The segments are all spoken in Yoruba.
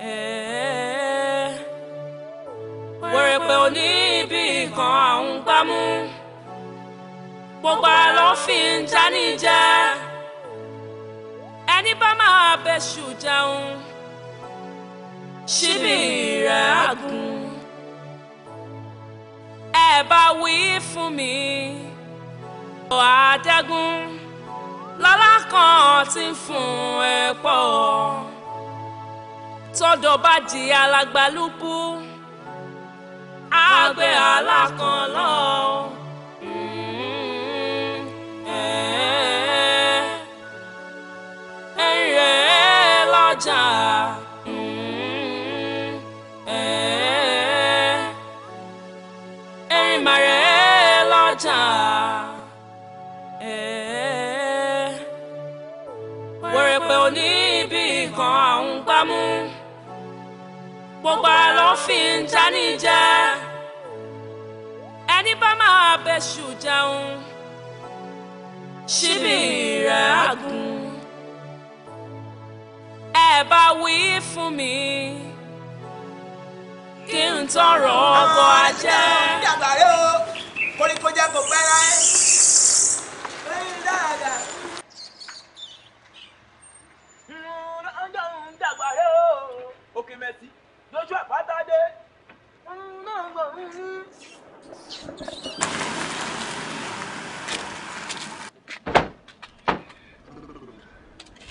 Eh. wẹ̀rẹ̀pẹ̀ òní ibi kan àwọn gbámú gbogbo àlọ́ fi ń jáníjẹ ẹni bá máa bẹ̀ṣù jẹun ṣíbí rẹ̀ àgùn ẹ bá wí fún mi àtẹ̀gùn lọ́lá kan ti ń fún ẹ pọ̀ tọ́dọ̀ bá di alágbálúgbú àgbẹ̀ alákanlọ́ ẹ̀rẹ̀ mm-hmm. eh, eh, eh, lọ́jà. gbogbo ẹ ló fi ń jáníjẹ ẹni bá máa bẹṣù jẹun ṣíbí rẹ̀ àgùn ẹ bá wí fún mi kí n tọrọ ọkọ ajẹ. Okay, merci. lójú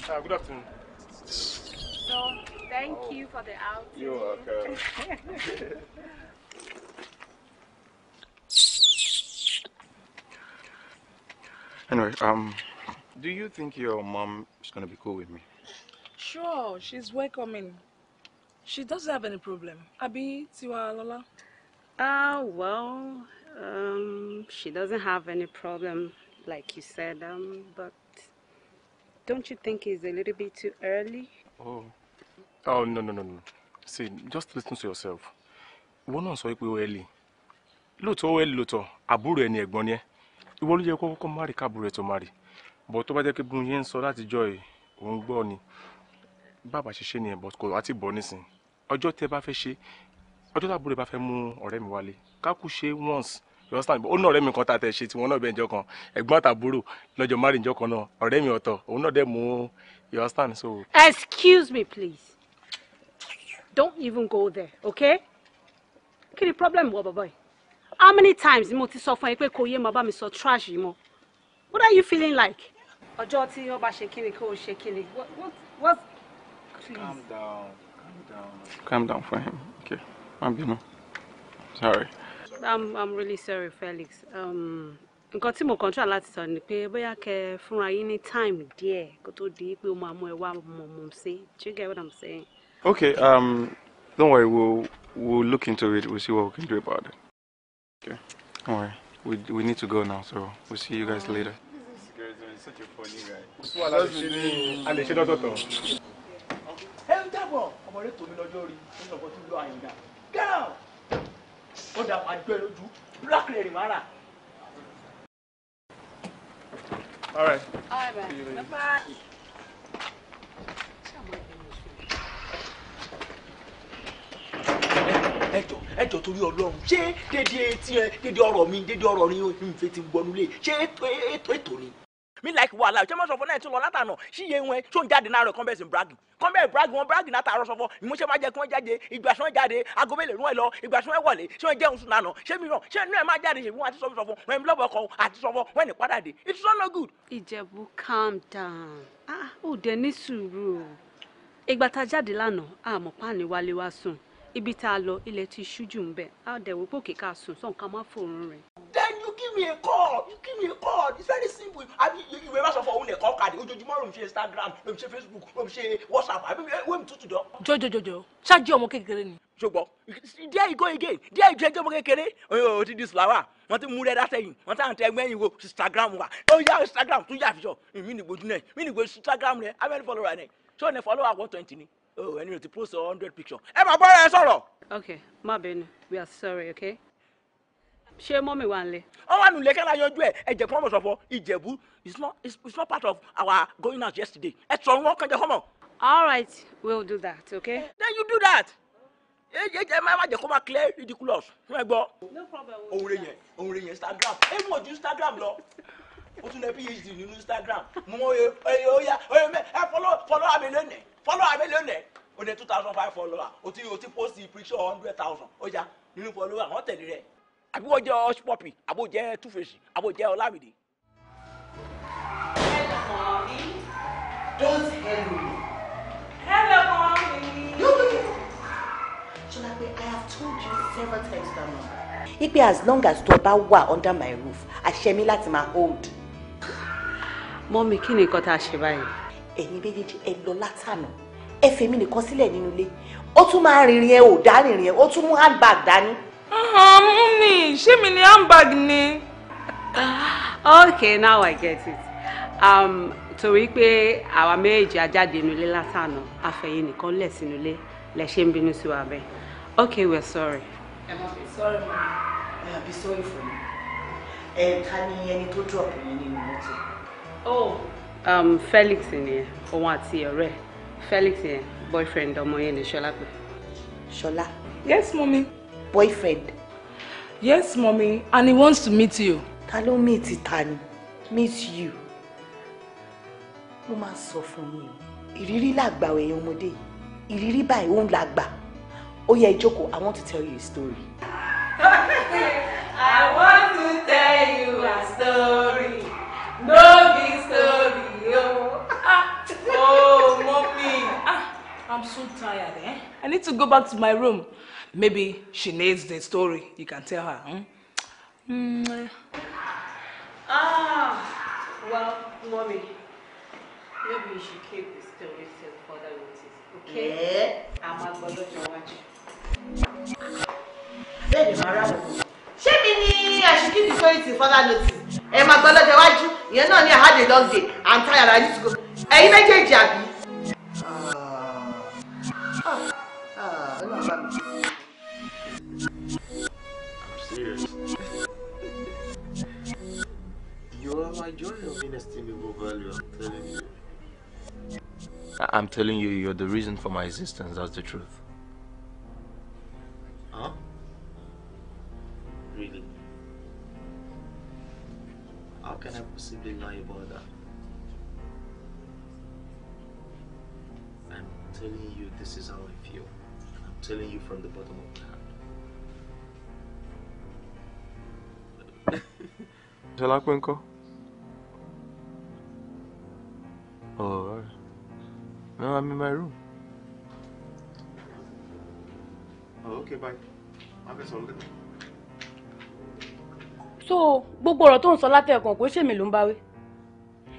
ah, good afternoon. So, thank oh. you for the outing. You're welcome. anyway, um, do you think your mom is going to be cool with me? Sure, she's welcoming. She doesn't have any problem. Abi Tiwa Lola? Ah, uh, well, um, she doesn't have any problem, like you said, um, but don't you think it's a little bit too early? Oh, oh no, no, no, no. See, just listen to yourself. Wọ́n náà sọ pé ó early. Loto early loto. àbúrò ẹni ẹ̀gbọ́n ni ẹ́. Ìwọ ló yẹ mari. kọ́kọ́ má rí káàbùrò ẹ̀ tó má rí. Bọ̀ tó bá jẹ́ pé bí mo yẹn ń sọ látijọ́ ẹ̀, ni. Bàbá ṣe ṣe nìyẹn, bọ̀ kò ọjọ́ tẹ́ bá fẹ́ ṣe ọjọ́ tàbúrò bá fẹ́ mú ọ̀rẹ́ mi wálé kákú ṣe once yọ stand ó ní ọ̀rẹ́ mi kan tá a tẹ̀ ṣe tiwọn náà bẹ́ẹ̀ njọ́ kan ẹ̀gbọ́n àtàbúrò lọ́jọ́ márùn njọ́ náà ọ̀rẹ́ mi ọ̀tọ̀ òun náà dẹ̀ mú yọ stand excuse me please don't even go there okay kí ni problem wọ bàbá yìí how many times mo ti sọ fún ẹ pé kò yé ma bá mi sọ trash yìí mọ́ what are you feeling like. ọjọ́ tí wọ́n bá ṣe kíni kó o ṣe kíni what what Please. calm down. Calm down for him. Okay. Má bínú. Sorry. I'm I'm really sorry, Felix. Um nǹkan tí mo kàn try láti sọ ni pé bóyá kẹ́ fúnra yín ní time díẹ̀ kó tó di pé ó máa mú ẹ wá mọ̀ mọ̀ sí. Do you get what I'm saying? Okay, um don't worry, we'll we'll look into it. We'll see what we can do about it. Okay. Don't worry. We we need to go now, so we'll see you guys later. This is such a funny guy. What's what I'm doing? And the shadow doctor. Hey, Dabo! ọmọ rẹ tòmí lọ́jọ́ rí nínú ọkọ̀ tó lọ àyìnbá gẹ́ràn ó dà máa gbẹ lójú black lady máa rà. All right. bye ẹjọ ẹjọ torí Ọlọ́run ṣé dédé tiẹ dédé ọ̀rọ̀ mi dédé ọ̀rọ̀ ni n fẹ́ ti gbọnulẹ ṣé ètò ètò ni mi like wàhálà ṣé mo sọ fún náà tún lọ látànà ṣí iye wọn tó ń jáde láàárọ̀ kọ́ńbẹ́sì bragi kọ́ńbẹ́ bragi wọn bragi látàárọ̀ sọ fún ìmúṣẹ́ máa jẹ́ kí wọ́n jáde ìgbà tí wọ́n jáde aago mélòó rún ẹ lọ ìgbà tí wọ́n wọlé ṣé wọ́n jẹun sùn lánàá ṣé mi ràn ṣé inú ẹ máa jáde ṣèwọ́n àti sọ fún wọn lọ́bọ̀ ọkọ̀ àti sọ fún wọn ní padà dé it's not no good. ìjẹ̀bù calm down ah ó dẹ ní sùúrù o a jáde lánàá àmọ́ páàní wálé wá sùn ibi tá a lọ ilẹ̀ ti ṣú ń bẹ̀ á dẹ̀wò pò kí ká sùn sọ̀n má fòrùn rẹ̀. then you give me a call you give me a call it's very simple You ìwé má sọ fún òun nìkan kàdé ojoojúmọ́ ló ń ṣe instagram ló ń ṣe facebook ló ń ṣe whatsapp àbí wẹ́ẹ̀mù tútù dán. jọjọjọjọ ṣáájú ọmọ kékeré ni. ṣùgbọ́n there you go again there you go ọmọ kékeré o ti di flower wọ́n ti mú rẹ́ dátẹ́yìn wọ́n ti à ń tẹ ẹgbẹ́ yìí wo instagram wa ó yá instagram tún yà fi jọ mí nìgbójú náà mí nìgbójú instagram rẹ̀ how many followers rẹ̀ ṣé o ní follower one twenty ni oh anyway, to post a hundred picture ẹ máa bọ́ ẹ sọ̀rọ̀. Okay, má bínú we are sorry okay? Share mommy one ń lé. ó wà nílé kẹ́lá yanjú ẹ̀ ẹ̀jẹ̀ kan mọ̀ sọ̀fọ̀ it's not it's not part of our going out yesterday It's sọ̀rọ̀ wọn kàn jẹ́ kọ́mọ̀. all right we'll do that okay? then you do that eje jẹ máa jẹ kó máa clear ridiculous fún ẹ gbọ́. no problem we will do that. instagram ẹ mú instagram lọ o tún lẹ phd nínú instagram mo oye oye oya oye mẹ ẹ fọlọ fọlọ abẹlẹnẹ fọlọ abẹlẹnẹ o ní two thousand five follower o ti o ti post picture hundred thousand o ja follower wọn tẹ̀lé rẹ. àbí wọ́n jẹ́ ọṣù pọ́pì àbò jẹ́ túfèsì àbò jẹ́ ọlámìdí. hello mommy don't hello me. hello mommy. you be careful. ṣọlá pé i have told you several times that number. ipe as long as tó bá wà under my roof àṣẹ mi láti máa hold mọ́mí kí ni nǹkan tá a ṣe báyìí. ẹ̀yin méjèèjì ẹ lọ látànà ẹ fèmí nìkan sílẹ̀ nínú ilé ó tún máa rìnrìn ẹ ò dá rìnrìn ẹ ó tún mú handbag dání. mọ́mí ṣé mi ni handbag ni. Ah, okay now i get it um, torí pé àwa méjèèjì ajáde inú ilé látànà àfẹ̀yìn nìkan lẹ̀ sínú ilé lẹ̀ ṣe ń bínú sí wa bẹ́ẹ̀ okay we're sorry. ẹ má fi sorry ma ẹ má fi sorry fún mi ẹ ta ni ẹni tó drop yẹn nínú mọ́tò oh um, Felix nìyẹn òun àti ọ̀rẹ́ Felix yẹn boyfriend ọmọ yẹn ni Ṣọlá pé. Ṣọlá. yes mummy. boyfriend. yes mummy and he wants to meet you. ta ló meet ta ni meet you mo máa sọ fún yín ìrírí làgbà ẹ̀yin ọmọdé ìrírí báyìí òun làgbà ó yẹ ìjókòó i want to tell you a story. I want to tell you. to go back to my room. Maybe she needs the story. You can tell her. Hmm? Mm. Ah, well, mommy, maybe you should keep the story till further notice, okay? Yeah. I'm ah, a bother to watch. Bẹ́ẹ̀ni máa rà wọ̀. Ṣé I should keep the story till father notice? Ẹ máa gbọ́ lọ́jọ́ iwájú, ìyẹn náà ní I had a dog. day, I'm tired, I need to go. Ẹ̀yin méjèèjì àbí? I'm telling you. you, are the reason for my existence, that's the truth. Huh? Really? How can I possibly lie about that? I'm telling you, this is how I feel. I'm telling you from the bottom of my heart. Jalakwenko? Oh, no, I'm in my room. Oh, okay, bye. I'm just holding. So, gbogbo ọ̀rọ̀ tó ń sọ látẹ̀kàn kò ṣèmi ló ń báwí.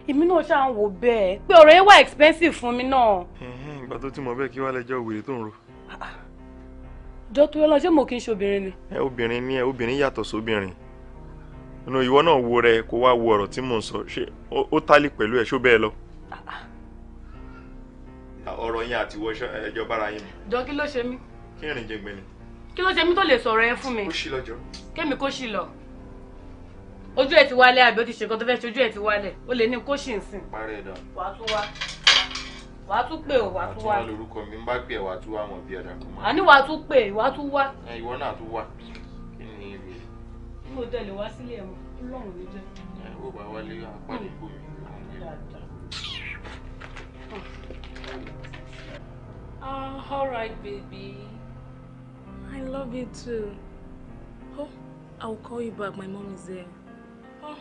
Èmi náà ṣáà ń wò bẹ́ẹ̀ pé ọ̀rọ̀ yẹn wà expensive fún mi náà. Ìgbà tó ti mọ̀ bẹ́ẹ̀ kí wàá lẹ́jọ́ òwèrè tó ń ro. Jọ tó yọ lọ ṣé mo kì í ṣe obìnrin ni. Ẹ obìnrin ni ẹ obìnrin yàtọ̀ sóbìnrin. Ìwọ náà wo rẹ kó wá wo ọ̀rọ̀ tí mò ń sọ ṣé ó tálì pẹ̀lú ẹ̀ ṣó bẹ́ẹ̀ lọ. Ah, ah. ọ̀rọ̀ yín àti wọ́ṣọ ẹjọ́ bára yín. jọ kí ló ṣe mí. kí rìn jẹgbẹ́ ni. kí ló ṣe mí tó lè sọ̀rọ̀ ẹ fún mi. ó ṣì lọ́jọ́. kémi kó ṣì lọ. ojú ẹ ti wálẹ̀ àbí ó ti ṣe nǹkan tó fẹ́ ṣe ojú ẹ ti wálẹ̀ ó lè ní kó ṣì ń sìn. parí ẹ̀ dàn. wàá tún wá wàá tún pè ó wàá tún wá. wàá tún wá lórúkọ mi ń bá pè ẹ wàá tún wá mọ̀ bí ọ̀dà kò mọ̀. àní wàá tún pè wàá tún wá. ìwọ náà tún wá kí ni èrè. mo tẹ̀lé wá sílé ẹ̀ ọlọ́run ló jẹ́. ẹ wò bá wálé apá nípò mi. All right, baby. I love you too. Oh, I'll call you back. My mom is there. Oh.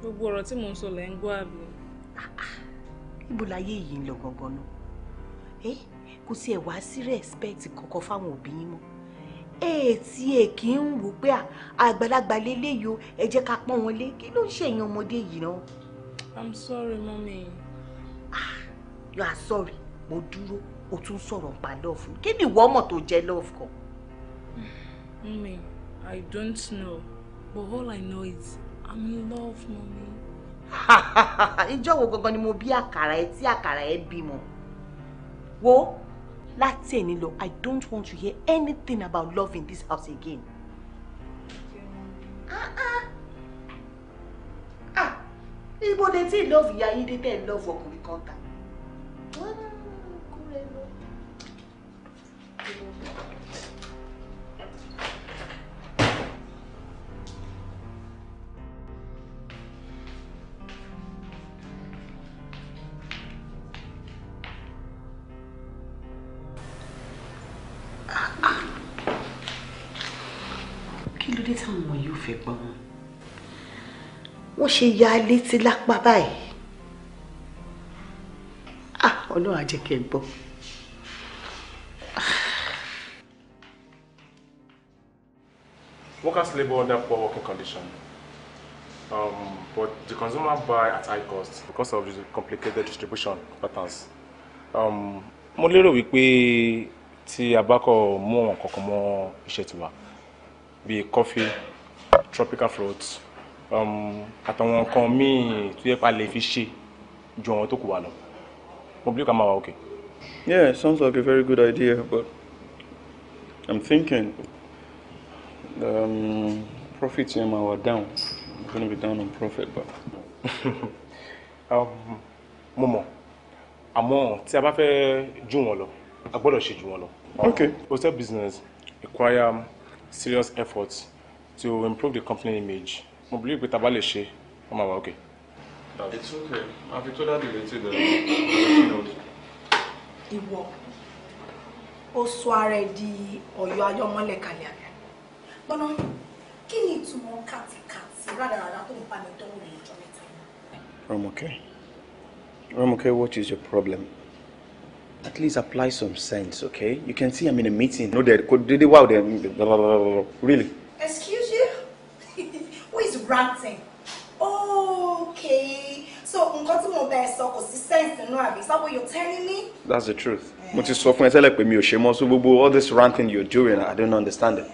Gbogbo ọ̀rọ̀ tí mò ń sọ lẹ́ ń yin àbí. Ibo Eh? Kò sí ẹ̀ wá sí respect kankan fáwọn òbí yín mọ́. Ẹ tí ẹ kì í ń wò pé àgbàlagbà lélẹ́yìí o, ẹ jẹ́ ká pọ́n wọn lé. Kí ló ń ṣèyàn ọmọdé yìí I'm sorry, mommy. Ah, you are sorry. Mo dúró o tún sọ̀rọ̀ nípa love kí ni ìwọ ọmọ tó jẹ́ love kan. mummy i don't know but all i know is i'm in love mummy. ìjọ wo gangan ni mo bí àkàrà ẹ tí àkàrà ẹ bímọ wo láti ẹni lọ i don't want to hear anything about love in this house again. Ah, ah. Ah, ibo de ti love ìyá yín dé tẹ́ love ọkùnrin kan ta. ṣe ya létí lápá báyìí ah ọlọ́run àjẹkẹ́ gbọ́. Workers labor under poor working conditions. Um, but the consumer buy at high cost because of the complicated distribution patterns. Um, mo lérò wípé tí a bá kọ mú àwọn kankan mọ iṣẹ́ tiwa bíi coffee tropical fruits Um, àtàwọn nǹkan míì tó yẹ pa lè fi ṣe ju àwọn tó kù wà lọ mo bí ká máa wà òkè. yeah it sounds like a very good idea but i'm thinking um, profit yẹn máa wà down i'm gonna be down on profit but. Um, mo mọ̀ àmọ́ tí a bá fẹ́ jù wọ́n lọ a gbọ́dọ̀ ṣe jù wọ́n lọ. okay hotel business require serious effort to improve the company image mo believe pé taba lè ṣe wọ́n máa wà okay. it's okay máa fi tó dáàbì létí lọ ìwọ ó sọ ara ẹ di ọ̀yọ́ ayọ́mọ́lẹ̀ kalẹ̀ àbí gbọ́nà kí ni ìtumọ̀ kàtìkàtì rádaràdà tó ń bá mi dánwò ní ọjọ́ mẹ́ta yìí. Rọ́mọkẹ́ Rọ́mọkẹ́ what is your problem? at least apply some sense okay you can see i'm in a meeting no dey ko dede wow dey really. excuse ranting okay so nǹkan tí mo bẹ ẹ sọ kò sí sense nínú àbí sábò you're telling me. that's the truth mo ti sọ fún ẹ tẹ́lẹ̀ pé mi ò ṣe mọ́ so gbogbo all this ranting you're doing i don't understand it.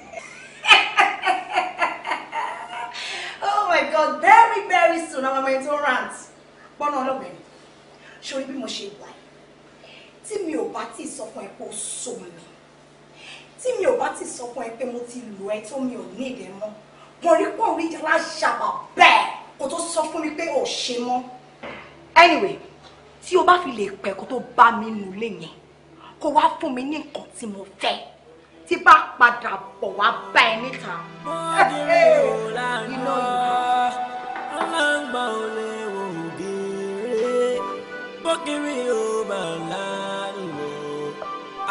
oh my god very very soon àwọn ọmọ ẹni tó rant gbọ́nà ọlọ́bẹ̀rẹ̀ sórí bí mo ṣe wà tí mi ò bá tí sọ fún ẹ pé ó so mi tí mi ò bá tí sọ fún ẹ pé mo ti lù ẹ tó mi ò ní ìdẹ mo rí pọ̀ orí ìjàlá bẹ́ẹ̀ kó tó sọ fún mi pé ò ṣe mọ́. anyway tí o bá fi lè pẹ́ kó tó bá mi nù lé yẹn kó wá fún mi ní nǹkan tí mo fẹ́ tí bá padà bọ̀ wá bá ẹ níta. iná ọlọ́ngbà ò lè wò ògèrè bókìrì ò bàlá nìwò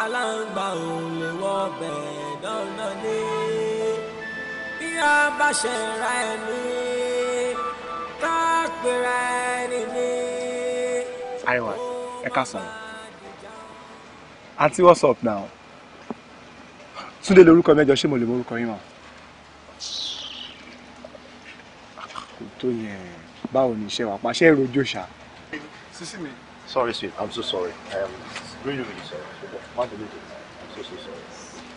aláǹgbà ò lè wọ́ bẹ́ẹ̀ bá ṣẹ̀ra ẹni ká pera ẹni ní. Àríwá ẹ ká sàn àǹtí what's up now Túndé lórúkọ mẹ́jọ ṣé mo lè morúkọ yín mọ́ kò tó yẹn báwo ni iṣẹ́ wà pàṣẹ ìròjò ṣá. sísí mi. sorry sweet i'm so sorry i am um, really really sorry má bẹ̀rẹ̀ dé i'm so so sorry.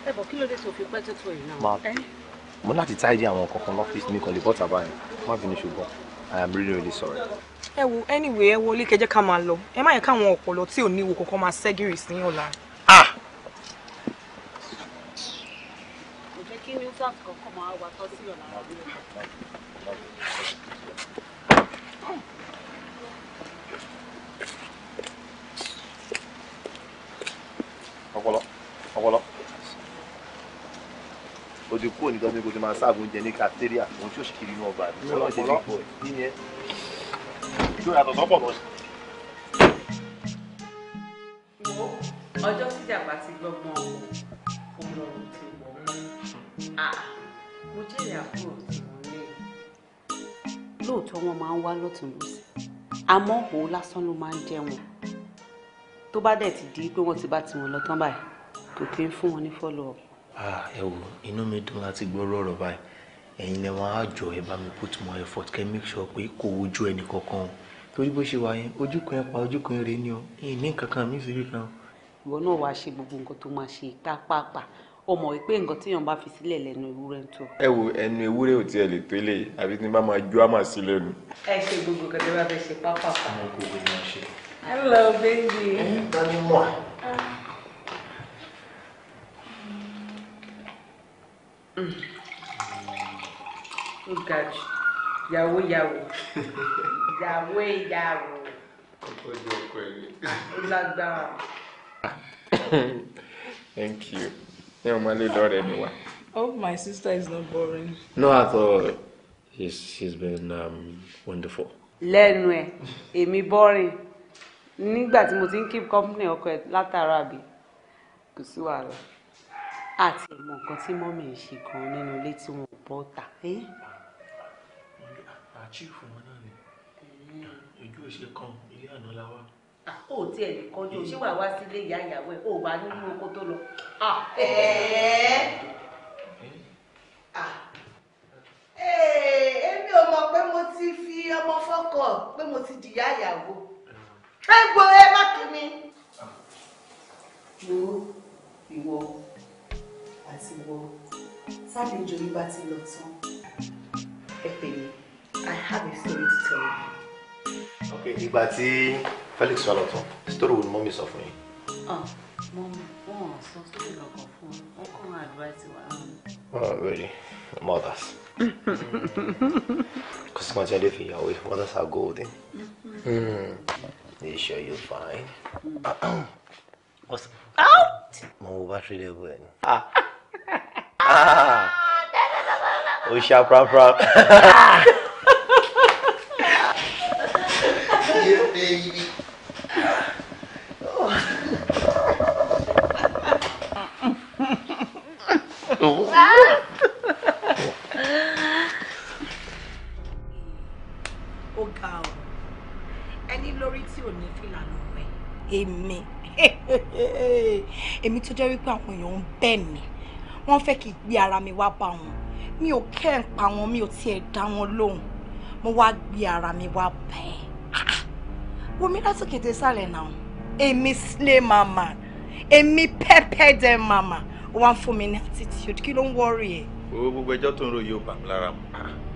ẹ bọ̀ kí ló dé tó fi pẹ́ tó tó yìí náà mo láti tidy àwọn kankan lọ́fíìsì mi kan lè bọ́ta báyìí má bínú ṣùgbọ́n i am really really sorry. ẹ wo anyway ẹ wọlé kẹjẹ ká máa lọ ẹ má yẹ káwọn ọpọlọ tí ò ní wo kankan máa ṣẹgìrì ah! sí ọ̀la. Ah. ni ó sáà kankan ọpọlọ ọpọlọ ti kúrò ní gọ́ọ̀mù kó ti máa sáàbù oúnjẹ ní kàtẹ́ríà òun tí ó sì kiri inú ọgbà mi kọ́ lọ́ọ́ ṣe bí bọ̀ níyẹn tó yàtọ̀ sọ́pọ̀ lọ. ìwọ ọjọ́ síjàmbá ti gbọ́gbọ́n o kò lọ́rùn ti wọ̀ mú ah, mo jẹ́rìí àbúrò tí mo ní. lóòótọ́ wọn máa ń wá lọ́tún lọ́sì àmọ́ òun lásán ló máa ń jẹ wọn tó bá dẹ̀ ti di pé wọ́n ti bá tiwọn lọ tán báyìí kò kí ń fún wọn ní follow ẹ wò inú mi dùn láti gbọ́rọ̀ ọ̀rọ̀ báyìí ẹ̀yin lẹ wọn á jọ ẹ bá mi put more effort kẹ́ make sure pé kò ojú ẹnì kankan o torí bó ṣe wà yẹn ojú kan ẹ pa ojú kan rèé ni o ìyìn ní nǹkan kan mí síbí kan. ìwọ náà wàá ṣe gbogbo nǹkan tó máa ṣe pápápá o mọ̀ wípé nǹkan téèyàn bá fi sílẹ̀ lẹ́nu ewúrẹ́ ń tó. ẹ wo ẹnu ewúrẹ́ ò tiẹ̀ lè tó lè àbí tí n bá máa jó àmà sí lẹ́nu. ẹ ṣe gbogbo nǹkan tó bá fẹ́ ṣe pápápá. hello baby. ẹ bá mi mọ̀. ó ga jù yàwó yàwó yàwó yàwó ó lágbára. thank you ní my little Lord, ni Oh, my sister is not boring. no I thought she's she's been um, wonderful. lẹ́nu ẹ̀ èmi boring nígbà tí mo ti ń keep company ọkọ ẹ̀ látara àbí kò sí wàhálà àti ìmọ̀ nǹkan tí mọ́mì ń ṣe gan nínú ilé tí wọn ò bọ́ ta. àchífù wọn náà ni ojú ò ṣe kan ilé àná la wá. ó tiẹ̀ lè kọjú ṣé wàá wá sílé ìyá ìyàwó ẹ̀ ó wà nínú oko tó lọ. èmi ò mọ̀ pé mo ti fi ọmọ fọ́kọ̀ pé mo ti dìyà ìyàwó. ẹ gbọ́ ẹ má kí mi. wo ah. ìwọ àti wọ sálejò yìí bá ti lọ tán ẹ pè I have a story to tell you. ok ìgbà tí Felix wà lọ tán story wo ni mọ́mí sọ fún yín. Ah, mọ́mí wọn ò sọ story kankan fún un wọn kàn án advice oh really mothers. Customer tell if you always mothers are golden. Mm. They sure you fine. Mm. What's out? Mo really level. Ah o ṣá pranpran. ó ga ọ èmi tó jẹ́ wípé àwọn èèyàn ń bẹ̀ mí wọ́n fẹ́ kí gbé ara mi wá bá wọn mi ò kẹ́ ń pa wọn mi ò tiẹ̀ dá wọn lóhùn mo wá gbé ara mi wá bá ẹ wọmi láti kété sálẹ̀ náà èmi sílé màmá èmi pẹ́pẹ́ dẹ màmá wọ́n fún mi ní attitude kí ló ń wọ́ọ̀rì ẹ̀. owó gbogbo ẹjọ́ tó ń ro yóò bà mí lára mu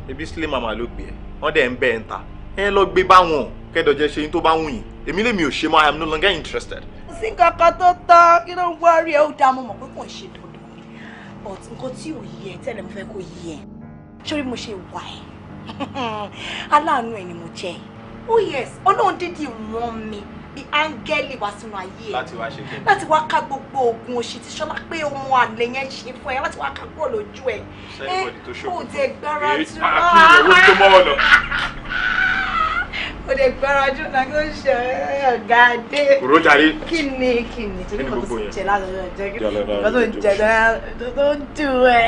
ebi sílé màmá ló gbé ẹ wọ́n dẹ̀ ń bẹ́ ẹ̀ ń ta ẹ lọ gbé báwọn kẹ́dọ̀jẹ́ ṣe yín tó bá wù yín èmi lèmi ò ṣe mọ́ I am no longer interested. sí kankan tó tán kí ló ń wọ́ọ̀rì ẹ̀ ó dá mo mọ̀ pé kò ń ṣe tó but nǹkan tí ò yẹ tẹ́lẹ̀ mo fẹ́ kó yẹ sórí mo ṣe wà ẹ́ aláàánú ẹ̀ ni mo jẹ́ oh yes ọlọ́run dídì rán mi bí áńgẹ́lì wá sínú ayé ẹ̀ láti wá ṣe kí láti wá ká gbogbo oògùn òṣì tí sọlá pé ọmọ àlẹ yẹn ṣe fún ẹ láti wá ká kúrò lójú ẹ ẹ eh, kò dé gbára tí ó wà á o de gbara ju na ko se ọ̀gá de. kúrò jàre. kíni kíni torí kò tó jẹ lánàá yóò jẹ kí kò tó jẹ lánàá tó ń dùn ẹ.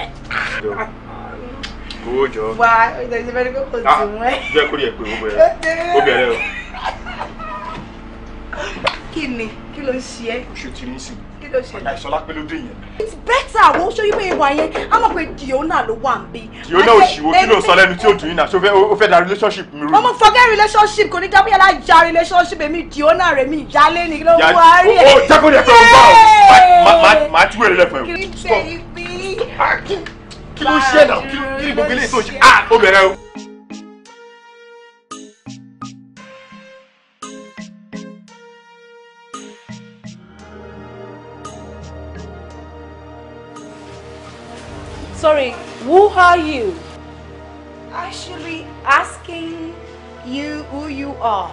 kúrò jọ. wá ìdọ̀tí bẹ́ẹ̀ ni kò kò ah, dùn ẹ. jẹ́ kórè ẹ̀ pé ó bẹ̀rẹ̀ ó bẹ̀rẹ̀ o. kíni kí ló ń ṣe é. oṣù tí ní sìn ló ṣẹlẹ̀. àyà ìṣọlá pé dé yẹn. it's better àwọn oṣù yìí pé ìwà yẹn á mọ̀ pé diona ló wà ń bí. diona ò ṣìwò kí ló sọ lẹ́nu tí ò dùn yín náà ṣó ó fẹ́ da relationship mi rú. ọmọ forget relationship kò ní dábìyà láì ja relationship èmi diona rẹ̀ mi ìjálé ni ló wá rí ẹ̀. o jákòó dẹ̀ fẹ́ràn báwo màá tí wèrè lẹ̀ fún ẹ. kí ló ṣe náà kí ló gbogbo ilé ìtòṣe Who are you? Actually asking you who you are.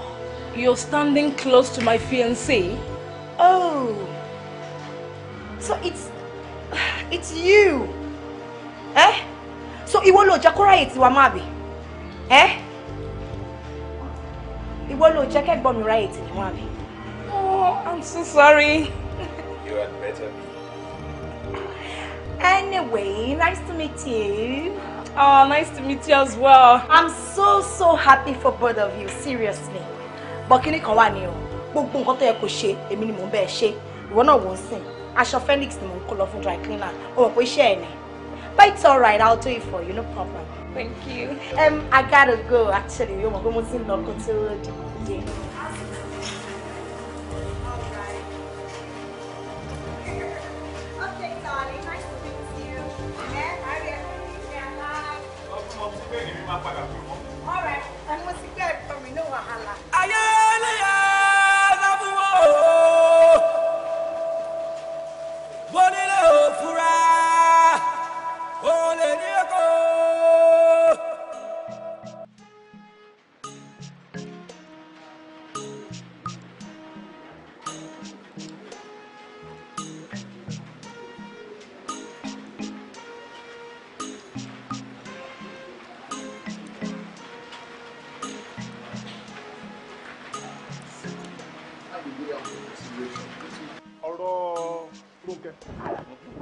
You're standing close to my fiancé. Oh. So it's it's you. Eh? So Iwo lo jẹ́ kó ráyè tiwa máa bì. Eh? Ìwọ ló jẹ́ kẹ́gbọ́n mi ráyè tiwa máa bì. Oh, I'm so sorry. you had better be Anyway, nice to meet you. Oh, nice to meet you as well. I'm so, so happy for both of you, seriously. But kí ni kan wà ní o? Gbogbo nǹkan tó yẹ kó ṣe, èmi ni mò ń bẹ́ẹ̀ ṣe. Ìwọ náà wò ó sìn. Aṣọ Felix ni mò ń kó lọ fún dry cleaner. O mọ̀ pé iṣẹ́ ẹ̀ ni. But it's alright, I'll do it for you, no problem. Thank you. Um, I gotta go actually. Mo mọ̀ pé mo ti ń lọ kó tó dé. vai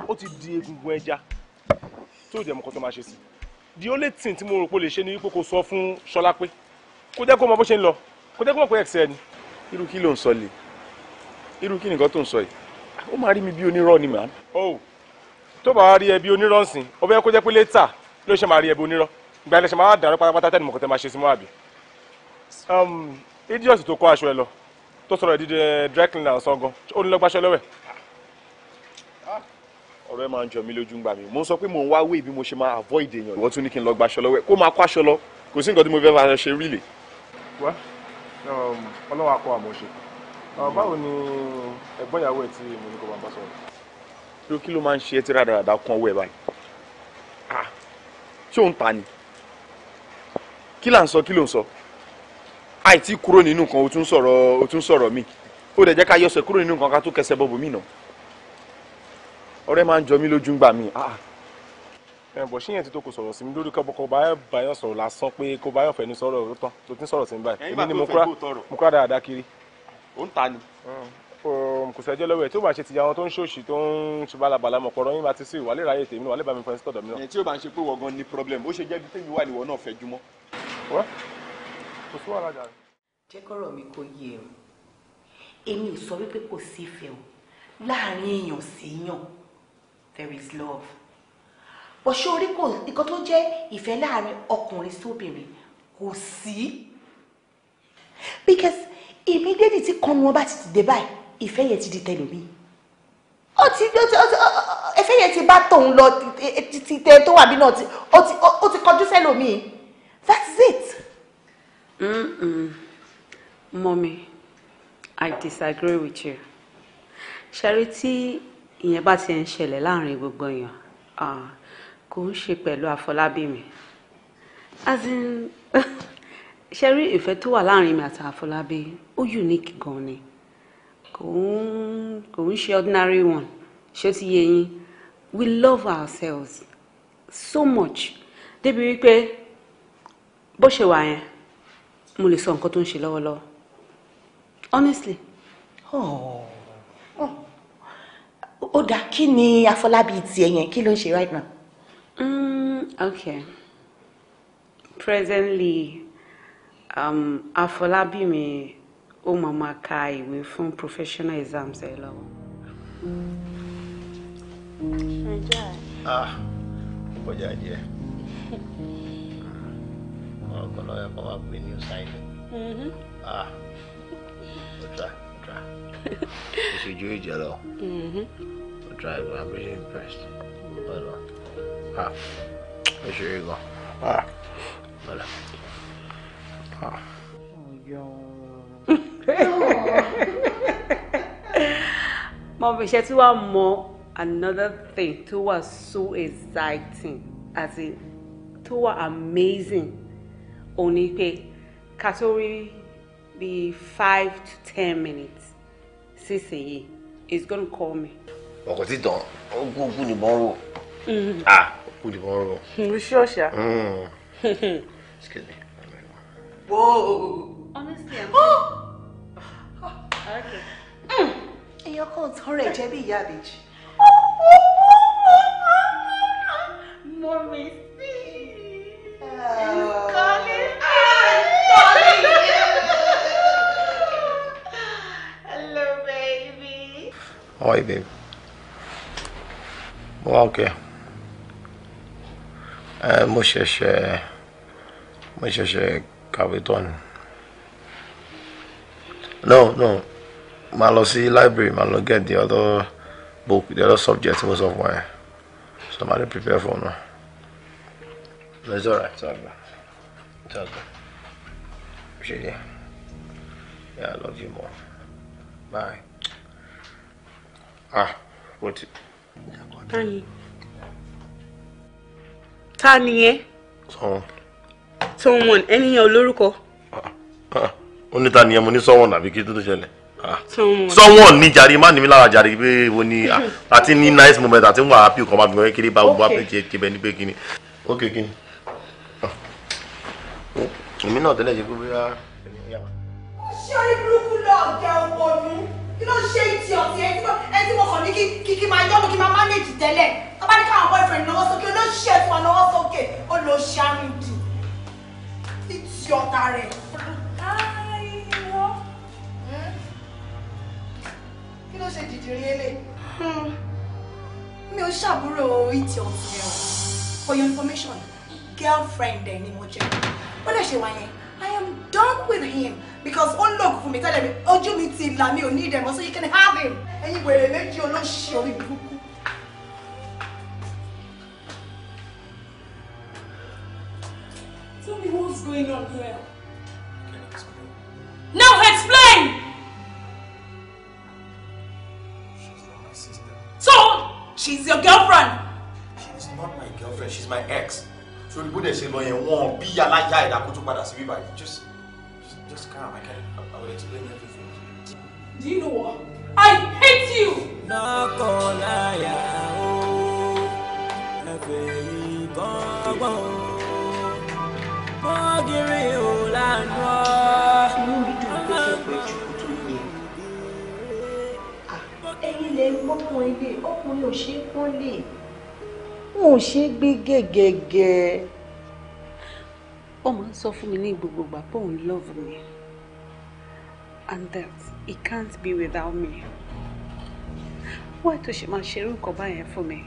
ó ti di egungun ẹja tó dẹ̀ mú kó tó máa ṣe sí the only thing tí mo rò pé ó lè ṣe ni wípé kó sọ fún Ṣọlá pé kó jẹ́ kó mọ bó ṣe ń lọ kó jẹ́ kó mọ̀ pé ẹ̀sẹ̀ ni. irú kí ló ń sọ lè irú kí nìkan tó ń sọ yìí ó máa rí mi bí onírọ́ ni màá. o oh, tó bá wá rí ẹbí onírọ́ ń sìn ó fẹ́ kó jẹ́ pé létà ló ṣe máa rí ẹbí onírọ́ ìgbà ilẹ̀ ṣe máa dàrú pátápátá tẹ́ni mọ̀kọ́tẹ́ máa ṣe sí mọ́àbí. Um, idiot tó kọ́ aṣọ ẹ lọ tó sọ̀rọ̀ eh, ọ̀rọ̀ ẹ máa ń jọ mí lójú ńgbà mi mo sọ pé mò ń wá wé bí mo ṣe máa avoid èèyàn ìwọ tún ní kí n lọ gbaṣọ lọ́wọ́ ẹ kó máa kó aṣọ lọ kò sí nǹkan tí mo fẹ́ fàṣọ ṣe rí lè. ọlọ́wà kọ àmọ́ báwo ni ẹ̀gbọ́n ìyàwó ẹ̀ tí mo ní kó máa bá sọ̀rọ̀. ló kí ló máa ń ṣe ẹtí rádaràda kan owó ẹ báyìí ṣé òun ta ni kí là ń sọ kí ló ń sọ àìtí kúrò nínú nǹkan o tún sọ̀rọ̀ mi ó dẹ̀ jẹ́ ká yọ ọ̀sẹ̀ kúrò ọ̀rẹ́ máa ń jọ mí lójú ń gbà mí ah, ah. ẹ̀bọ̀ ṣíyẹn ti tó kò sọ̀rọ̀ sí mi lórí kọ́bọ̀ kọ́ báyọ̀ báyọ̀ sọ̀rọ̀ lásán pé kó báyọ̀ fẹ́ ní sọ̀rọ̀ tó tán tó ti ń sọ̀rọ̀ sí mi báyìí èmi ni mo kúrá dáadáa kiri. ó ń ta ni. Mm. kò sẹ́jọ́ lọ́wọ́ ẹ̀ tí ó bá ṣe ti àwọn tó ń ṣòṣì tó ń ṣe balabala mọ̀ pọ̀rọ̀ yín bá ti sí ìwálẹ̀ ráyè tèmi wálé bá mi fẹ́ẹ́ sọ̀dọ̀ mi náà. tí ó bá ń ṣe pé wọ̀gan ni problem ó ṣe jẹ́ bí tèmi wà níwọ náà fẹ́ jumọ́. kò sí wàhálà jàre. jẹ́ kọ́rọ̀ mi o èmi èèyàn sí èèyàn there is love but ṣé orí kò nǹkan tó jẹ́ ìfẹ́ láàrin ọkùnrin sóbìnrin kò sí because immediately tí kan wọn bá ti dìde báyìí ìfẹ́ yẹn ti di tẹlomi ó ti ó ti ó ti ìfẹ́ yẹn ti bá tòun lọ ti tẹ tó wà bí náà ó ti ó ti kọjú sẹ́lòmí that is it. mm Mommy, I disagree with you. ṣe rí ìyẹn bá ti ń ṣẹlẹ̀ láàrin gbogbo èèyàn kò ń ṣe pẹ̀lú àfọlábí mi as in ṣe rí ìfẹ́ tó wà láàrin mi àti àfọlábí ó unique gan ni kò ń kò ṣe ordinary one ṣé ti yé yín we love ourselves so much débi wípé bó ṣe wà yẹn mo lè sọ nǹkan tó ń ṣe lọ́wọ́lọ́wọ́ honestly. Oh ó dá kí ni Afọlábí tiẹ̀ yẹn kí ló ń ṣe right now. Mm, okay presently um, Afọlábí mi ó máa ma ka ìwé fún professional exams ẹ lọ́wọ́. ah ọjà díẹ̀ ọkọ̀ lọ́yọ̀ kọ́ wa pè ní ọ̀sáìdì. ah ọ̀tá ìjẹ lọ. Mm-hmm for driving. I'm really impressed. Hold on. Ah, where's your ego? Ah, hold on. Ah. Oh, yo. Mommy, she too one more another thing too was so exciting as in too was amazing. Only pay category be five to ten minutes. CCE. he's gonna call me ọkọ̀ tí tán ogún ogún nìbọn rò ah ogún nìbọn rò. you mm, sure ṣá. Mm. excuse honestly i'm. èèyàn kan tán rẹ̀ jẹ́ bí ìyá àbèjì. mommy see. you uh. calling Hello, baby. Hi, babe okay ẹ eh, mo ṣẹ̀ṣẹ̀ mo ṣẹ̀ṣẹ̀ kàwé tán no no màá lọ library malo lọ get the other book the other subject mo sọ fún ẹ so màá lè prepare for una no it's alright it's alright it's alright ṣe yeah I love you more bye ah what ta ni ta ni ẹ. sọ́wọ́n. sọ́wọ́n ẹni yẹn olórúkọ. Ah, ah, ó ní ta ni ẹ mo ní sọ́wọ́n nàbí kí tó tó ṣẹlẹ̀ ah. sọ́wọ́n ní jàre má nìmi lára jàre pé wo ni àti ní nice moment àti wà happy kan bá fi kékeré bá wà pé jẹ jẹbẹ ní pé kí ni. ok kí ni èmi náà tẹ́lẹ̀ ṣe pé bóyá. ṣé ibùdókù náà jẹun wọnú kí ló ṣe ìtì ọ̀tí ẹ tí mo kàn ní kí máa yọ́ mo kí máa manage tẹ́lẹ̀ tó ní káwọn boyfriend lọ́wọ́ sókè olóṣì ẹ̀ tí wọ́n lọ́wọ́ sókè olóṣì àmìdì ìtì ọ̀tá rẹ̀. Hmm? kí ló ṣe dìdìrí ele. mi ò ṣàbúrò ìtì ọ̀tí o for your information girlfriend ẹ̀ ni mo jẹ́ ó lè ṣe wá am done with him because ó look for me. Tell tẹ́lẹ̀ Oju ojú mi ti là mi ò ní ìdẹ̀mọ́ so you can have him ẹ̀yin wèrè méjì olóṣì orí burúkú. Tell me what's going on here. Now explain? explain! She's not my sister. So, she's your girlfriend? She's not my girlfriend, she's my ex sórí bó dẹ̀ ṣe lọ yẹn wọn bí alájà ẹ̀dá kó tó padà sí bíbá yìí just just calm I can I will explain everything. Do you know what? I hate you. Nàkọ̀láyà ó ẹ̀fẹ̀ yìí gan-an bọ́ọ̀gìrì ò lánàá. Ah, ẹ̀yin lè mọ́kùnrin lè ọkùnrin ò ṣe é pọ́n lè wọn ò ṣe é gbé gẹ́gẹ́gẹ́ ó máa ń sọ fún mi ní gbogbo ìgbà pé òun love me and that he can't be without me why tó ṣe máa ṣe irú nǹkan báyẹn fún mi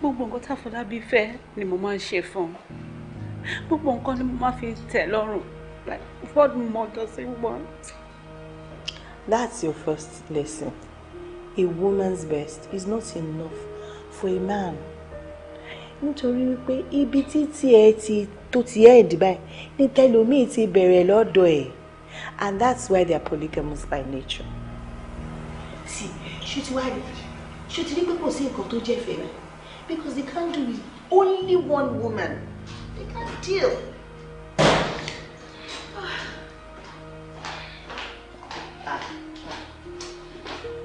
gbogbo nǹkan táfọlábí fẹ́ ni mo máa ń ṣe fún un gbogbo nǹkan ni mo máa fi tẹ̀ lọ́rùn like what more does he that's your first lesson a woman's best is not enough for a man nítorí wípé ibi títí ẹ ti tó ti ẹ̀ ń dìbà ní tẹlómìn ti bẹ̀rẹ̀ lọ́dọ̀ ẹ̀ and that's why they are polygamous by nature. sí ṣé ti wá rí ṣé ti rí pé kò sí nǹkan tó jẹ́ fẹ́ because they can't do it only one woman they can't deal.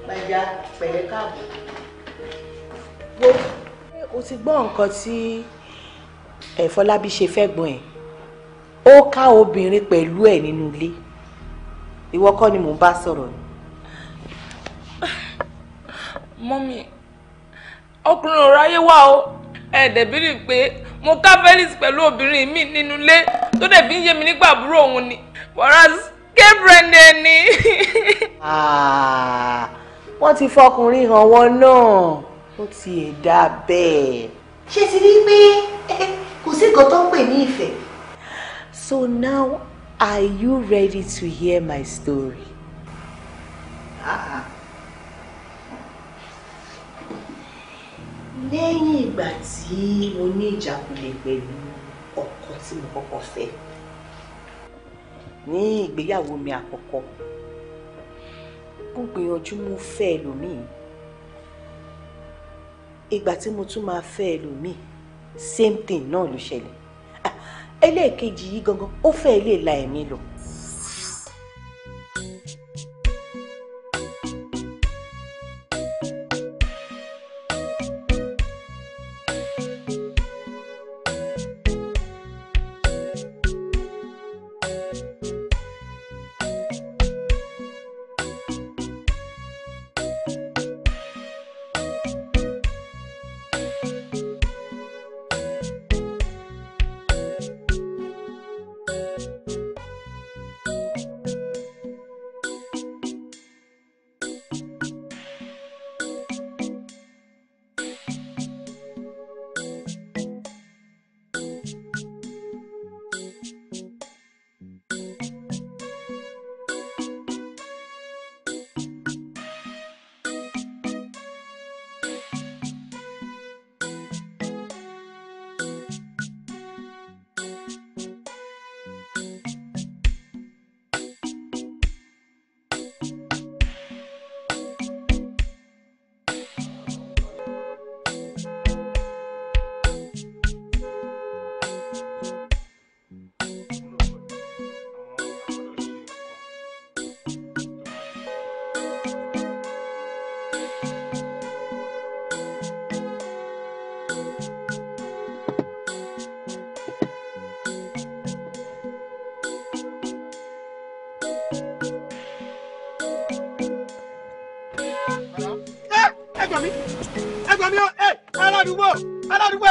Bàjá ah. ah. pẹ̀lẹ́ káàbọ̀. Wọ́n o ti gbọ́ nǹkan tí ẹ̀fọ́lábí ṣe fẹ́ gbọ́n ẹ̀ ó ká obìnrin pẹ̀lú ẹ̀ nínú ilé ìwọ kọ́ ni mò ń bá sọ̀rọ̀ ni. mọ́mí ọkùnrin ò ráyé wá o ẹ̀ẹ́dẹ̀bìrì pé mo ká Felix pẹ̀lú obìnrin mi nínú ilé tó dẹ̀ fi ń yé mi nígbà àbúrò òun ni whereas Gabriel ni ẹni. Ah, wọ́n ti fọkùnrin hàn wọ́n náà ó tiẹ̀ dá bẹ́ẹ̀. ṣé ti rí pé kò sí nǹkan tó ń pè ní ìfẹ́. so now are you ready to hear my story. lẹ́yìn ìgbà tí mo ní ìjákulẹ̀ pẹ̀lú ọkọ tí mo kọ́kọ́ fẹ́ ní ìgbéyàwó mi àkọ́kọ́ mo gbìyànjú mo fẹ́ ẹlòmíì ìgbà tí mo tún máa fẹ́ ẹlòmíì same thing náà ló ṣẹlẹ̀ ah, ẹlẹ́ẹ̀kejì yìí gangan ó fẹ́ lè la ẹ̀mí lọ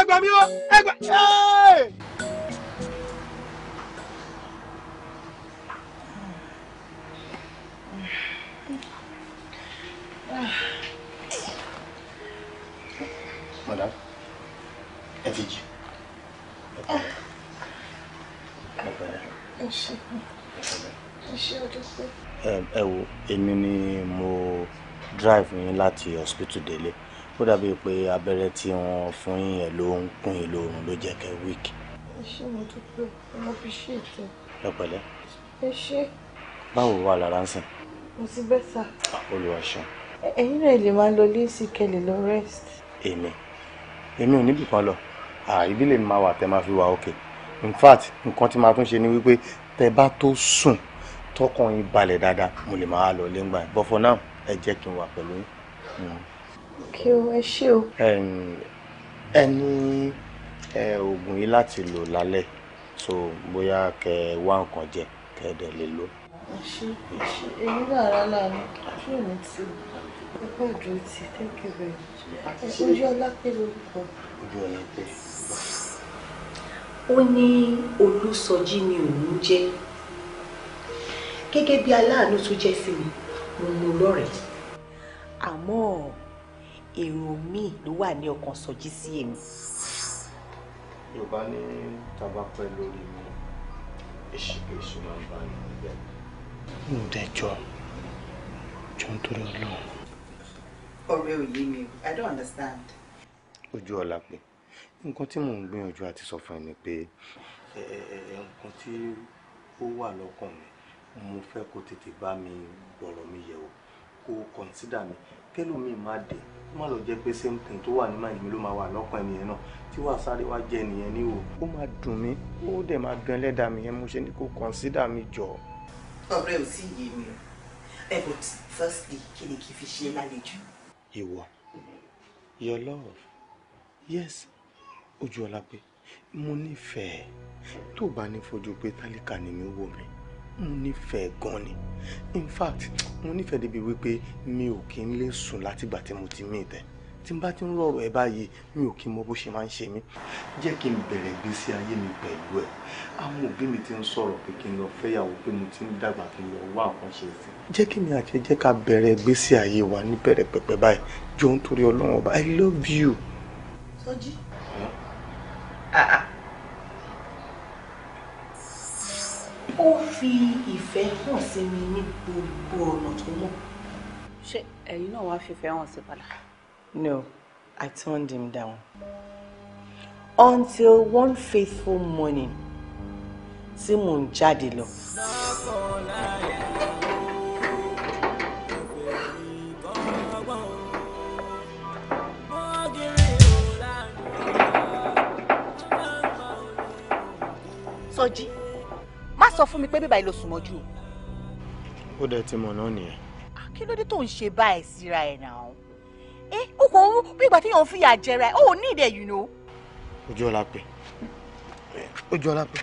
gbà mí o ẹ gbà yéé. madam ẹ ti jí ẹ pẹ̀lẹ́ ẹ pẹ̀lẹ́. ẹ ṣe ẹ ṣe ọdún pé. ẹ wo èmi ni mo drive yín láti hospital délé ó dàbíi pé abẹ́rẹ́ tí wọ́n fún yín ló ń kún yín lóorun ló jẹ́ kẹ́ weak. ẹ ṣé mo dúpẹ́ ẹ mo fi ṣe ìtẹ. ẹ pẹ̀lẹ́. ẹ ṣé. báwo wà lára ń sìn. mo ti bẹ́ sà. olùwà ṣan. ẹ̀yin náà lè máa lọ léèsì kẹlẹ̀ lọ rest. èmi èmi ò níbì kan lọ ìdílé mi máa wà tẹ́ máa fi wà òkè in fact nǹkan tí máa tún ṣe ni wípé tẹ́ bá tó sùn tọkàn yín balẹ̀ dáadáa mo lè máa lọ lé ńgbà yẹn but for now ẹ jẹ́ kí n wà pẹ̀lú yín. Hmm kí o ẹ ṣé o. ẹ ní oògùn yìí láti lò lálẹ́ so bóyá kẹ wá nǹkan jẹ kẹ dẹ̀ lè lò. ẹ ṣé ẹ ṣé èyí làárá làánú kí èmi ti ẹgbẹ́ òjò ti thank you very much ẹ ojú ọlápẹ́ lórúkọ. ojú ọlápẹ́. ó ní olùsọjí ni òun jẹ́ gẹ́gẹ́ bí aláàánú tó jẹ́ sí mi mo mú lọ́rẹ̀ẹ́ àmọ́ èrò míì ló wà ní ọkàn sọjí sí èmi. yorùbá ní tàbá pẹ́ lórí mi èṣìkè èṣù máa ń bá mi níbẹ̀. mo dẹjọ jọ nítorí Ọlọ́run. ọ̀rẹ́ ò yé mi i don't understand. ojú ọlá pé nǹkan tí mò ń gbìyànjú àti sọ fún ẹ ni pé nǹkan tí ó wà lọ́kàn mi mo fẹ́ kó tètè bá mi gbọ́rọ̀ mi yẹ̀ wò kó kọ̀ǹsídà mi kẹ́lòmíì má dé kó má lọ jẹ́ pé same thing tó wà ní màyìn mi ló máa wà lọ́kàn ẹnìyẹn náà tí wàá sáré wá jẹ́ ẹnìyẹn ní o. ó máa dùn mí ó dẹ̀ máa dùn ẹlẹ́dàá mi yẹn mo ṣe ní kó consider mi jọ. ọ̀rẹ́ ò sí yé mi o ẹ bọ̀ firstly kí ni kì fi ṣe lálejò. ìwọ your love yes Ojúọlápé mo nífẹ̀ẹ́ tó bá ní fojú pé tálíkà ni mi wò mí mo nífẹ̀ẹ́ gan ni in fact mo nífẹ̀ẹ́ débi wípé mi ò kí ń lè sùn látìgbà tí mo ti mí ìtẹ́ tí n bá ti ń rọrùn ẹ báyìí mi ò kí mọ bó ṣe máa ń ṣe mí jẹ́ kí n bẹ̀rẹ̀ ìgbésí ayé mi pẹ̀lú ẹ̀ àwọn òbí mi ti ń sọ̀rọ̀ pé kí n lọ fẹ́yàwó pé mo ti ń dàgbà kí n lọ wá nǹkan ṣe jẹ́ kí mi àti jẹ́ ká bẹ̀rẹ̀ ìgbésí ayé wa ní bẹ̀rẹ̀ pẹ̀pẹ̀ báyìí jọ ń torí ọlọ́run ọba i love you. sọjí. So, hm? ah, ah. ó fi ìfẹ́ hàn sí mi ní gbogbo ọ̀nà tó mọ̀. ṣé ẹ̀yin náà wàá fìfẹ́ hàn sí padà. no i turned him down until one faithful morning tí mò ń jáde lọ. Sọjí. So, sọ fún mi pé bíbá yìí ló sùn o. ó dẹ ti mọ̀ náà nìyẹn. Ah, kí ló dé tó ń ṣe báyìí síra ẹ̀ náà ẹ eh, o kò ń bí ìgbà téèyàn ń fìyà jẹra ẹ o ò ní ìdẹ yìí nù. ojú ọlá pé ojú ọlá pé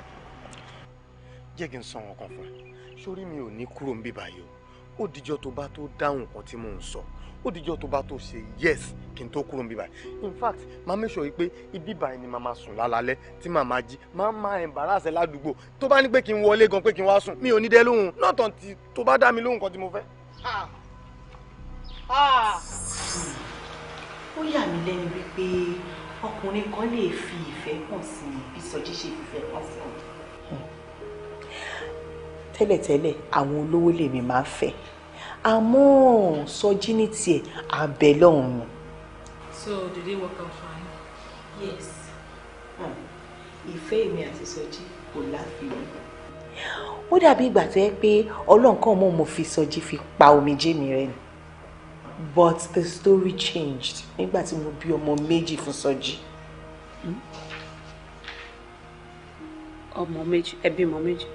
jẹ́ kí n sọ wọn kan fún ẹ sórí mi ò ní kúrò ń bíbá yìí o ó dijọ́ tó bá tó dáhùn nǹkan tí mò ń sọ ó dijọ́ tó bá tó ṣe yes kí n tó kúrò níbí báyìí in fact máa make sure pé ibi báyìí ni màmá sùn lálálẹ́ tí màmá jí máa máa embarrass ládùúgbò tó bá ní pé kí n wọlé gan pé kí n wá sùn mi ò ní dẹ lóhùn náà tán tí tó bá dá mi lóhùn kan tí mo fẹ́. ó yà mí lẹ́nu wípé ọkùnrin kan lè fi ìfẹ́ hàn sí bí sọjí ṣe fìfẹ́ hàn sí tẹ́lẹ̀tẹ́lẹ̀ àwọn olówó lèmi máa ń fẹ́ àmọ́ sọjí ní tiẹ̀ àbẹ̀ lọ́hùn-ún. so did it work out fine. yes ìfẹ́ mi àti sọjí kò láfiwé. ó dàbí ìgbà tó yẹ pé ọlọ́run kan mọ̀ mo fi sọjí fi pa omijé mi rẹ ni but the story changed nígbà tí mo bí ọmọ méjì fún sọjí. Hmm? ọmọ méjì ẹbí ọmọ méjì.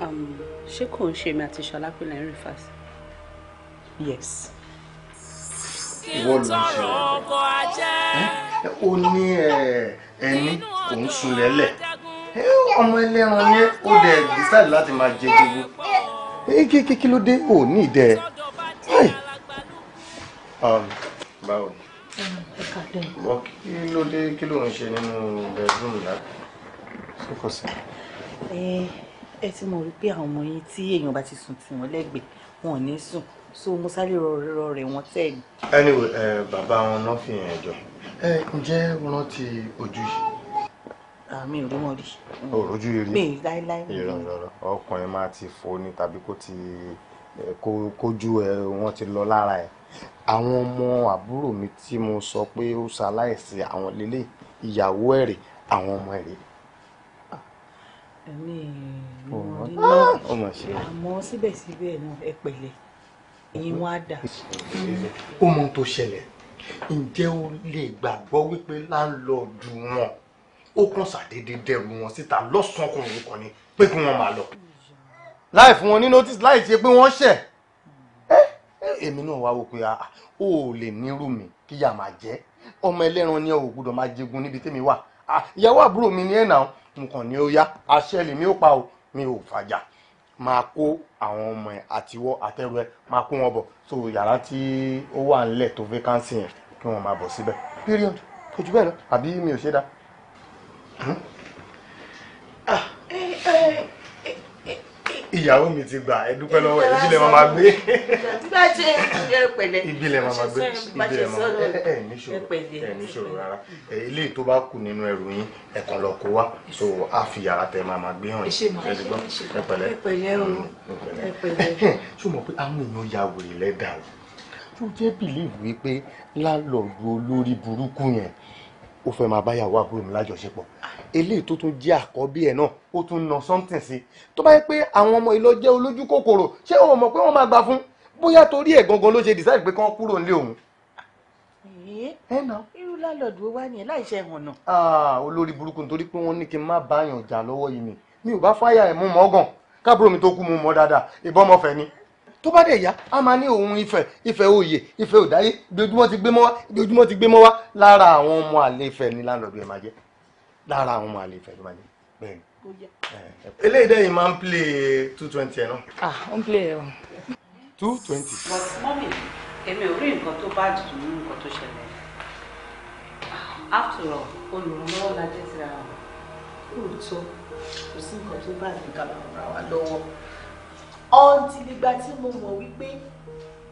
Um, ṣé kò ń ṣe mi àti ṣọlá pé lẹ́yìn rìfàs. yes. ìwọ ló ń ṣe ẹ ó ní ẹni kò ń sun lẹ́lẹ̀ ọmọ ẹlẹ́ran yẹn ó dẹ̀ decide láti máa jẹ gbogbo kí kí ló dé ò ní ìdẹ um, báwo mọ kí ló dé kí ló ń ṣe nínú bedroom láti. ẹ ẹ ti mọ̀ wípé àwọn ọmọ yín tí èèyàn bá ti sùn tì wọ́n lẹ́gbẹ̀ẹ́ wọn ò ní sùn so mo sáré rọ rẹ̀ wọ́n tẹ̀ mí. anyway ẹ bàbá wọn náà fi hàn ẹjọ́ ẹ ǹjẹ́ wọn ti ojú yìí. àmì ò rí wọn rí. òrojú yìí rí mi láéláé. ìrọ̀rọ̀ ọkùnrin máa ti fo ni tàbí kó ti kójú ẹ wọn ti lọ lára ẹ àwọn ọmọ àbúrò mi tí mo sọ pé ó ṣaláìsí àwọn lélẹ̀ ìyàwó ẹ̀rẹ̀ àwọn ọmọ ẹ̀rẹ̀ ẹ̀mí ìrìnàmọ́ náà àmọ́ síbẹ̀síbẹ̀ náà ẹ pẹ̀lẹ́ ẹ̀yin wọn á dà. ó mọ tó ṣẹlẹ̀ ǹjẹ́ ó lè gbàgbọ́ wípé láńlọ́ọ̀dù wọn ó kàn ṣàdédé dẹrù wọn síta lọ́sàn-án ọkùnrin kan ni pé kí wọ́n máa lọ. láì fún wọn ní notice láì ṣe pé wọ́n ṣẹ̀ èmi náà wá wò pé ó lè nírú mi kíyà máa jẹ́ ọmọ ẹlẹ́ran ni ò máa jẹgun níbi tèmi wà ìyàwó àbúrò mi ni ẹ̀ náà nǹkan ni ó yá àṣẹ lèmi ó pa o mi ò fàjà máa kó àwọn ọmọ ẹ àtiwọ àtẹrù ẹ máa kó wọn bọ̀ so yàrá tí ó wà ńlẹ̀ tó vacancy yẹn kí wọn máa bọ̀ síbẹ̀ period kò bẹ́ẹ̀ lọ àbí mi ò ṣe dá. Hmm? Ah, eh, eh ìyàwó mi ti gbà ẹ dúpẹ́ lọ́wọ́ ẹ ìbílẹ̀ máa gbé. bá ṣe ẹ pẹ̀lẹ́ ìbílẹ̀ máa gbé ìbílẹ̀ máa ẹ níṣòro ẹ níṣòro rárá ẹ ilé tó bá kù nínú ẹrù yín ẹ kàn lọ kó wá so a fi yàrá tẹ máa máa gbé hàn yín ẹ ti gbọ́ ẹ pẹ̀lẹ́ ẹ pẹ̀lẹ́ ẹ pẹ̀lẹ́. ṣùgbọ́n pé àwọn èèyàn ya wèrè lẹ́dàá o tó jẹ́ bìlíìfù wípé lálọ́ọ̀dù olórí burúkú yẹn ó fẹ́ máa báyàwó àbúrò mi lájọṣepọ̀ eléyìí tó tún jẹ́ àkọ́bí ẹ̀ náà ó tún na something sí tó bá yẹ pé àwọn ọmọ ìlọ jẹ́ olójú kòkòrò ṣé o mọ̀ pé wọ́n máa gbà fún bóyá torí ẹ̀ gangan ló ṣe decide pé kán kúrò nílé òun. irú lálọ́ọ̀dù wa ni ẹ̀ láìṣe ẹ̀hàn náà. olórí burúkú nítorí pé wọ́n ní kí n má báyàn jà lọ́wọ́ yìí ni mi ò bá fáyà ẹ̀ mú mọ́ gàn káàbúrò mi tó kú mu mọ́ dáadáa ìbọn mọ́fẹ́ ni tó bá dẹ̀ yá a máa ní òun ìfẹ́ ìfẹ́ òye ìfẹ́ òdáyé ojoojúmọ́ ti gbé mọ́ wá ojoojúmọ́ ti gbé mọ́ wá lára àwọn ọmọ àlè ìfẹ́ ni láńlọ́ọ̀dù ẹ̀ máa jẹ́ lára àwọn ọmọ àlè ìfẹ́ ló máa jẹ́ bẹ́ẹ̀ ni. eléyìí dẹ́yìn máa ń play two twenty ẹ̀ náà. ah ó ń play ẹ̀ o. two twenty. but mọ́mì èmi ò rí nǹkan tó bá dùn ní nǹkan tó ṣẹlẹ̀ after all olùrànlọ́wọ́ la jẹ́ síra wọn lóòótọ́ kò sí nǹkan tó bá dùn ọ̀ǹtì nígbà tí mo mọ̀ wípé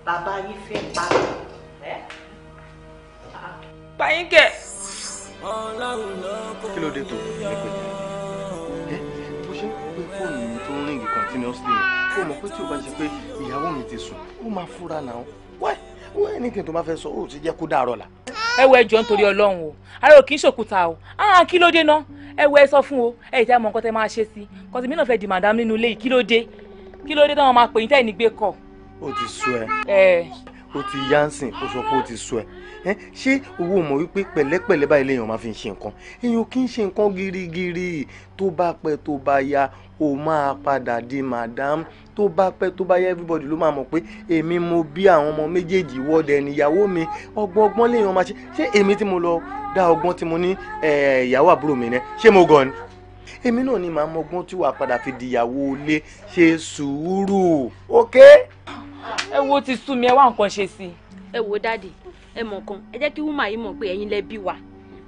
bàbá yín fẹ́ pa mí. pàyín kí ló dé tó bó ṣe ń pe fóònù mi tó ń ríngì continuously ó mọ̀ pé tí o bá ṣe pé ìyàwó mi ti sùn ó máa fura náà wáì wọ́n ẹni kí n tó máa fẹ́ sọ ó ti jẹ́ kó dàárọ̀ la. ẹ wo ẹjọ́ nítorí Ọlọ́run o ara ò kì í ṣòkúta o ah kí ló dé náà ẹ wo sọ fún o ẹ ìjà mọ nǹkan tẹ máa ṣe sí kọsìmínà fẹ́ di màdám nínú ilé yìí kí ló dé kí ló dé táwọn máa pè yín tẹ́yìn nígbè kọ̀. ó ti sú ẹ ó ti yánsìn ó sọ pé ó ti sú ẹ ṣé owó mọ̀ wípé pẹ̀lẹ́pẹ̀lẹ́ báyìí lèèyàn máa fi ṣe nǹkan èèyàn kì í ṣe nǹkan girigiri tó bá pẹ́ tó bá ya ó máa padà di madam tó bá pẹ́ tó bá ya everybody ló máa mọ̀ pé èmi mo bí àwọn ọmọ méjèèjì wọ́ọ̀dẹ níyàwó mi ọgbọ́n ọgbọ́n lèèyàn máa ṣe ṣé èmi tí mo lọ dá ọgbọ́n tí mo ní ìyàwó àbúrò mi rẹ ṣé mo gọ̀ ni èmi náà ni màá mọgbọ́n tí wàá padà fi dìyàwó ilé ṣe sùúrù ok. ẹ wo ti sú mi ẹ wá nǹkan ṣe sí i. ẹ wo dáàdì ẹ mọ̀ kan ẹ jẹ́ kí wúmà yìí mọ̀ pé ẹ̀yin lẹ bí wa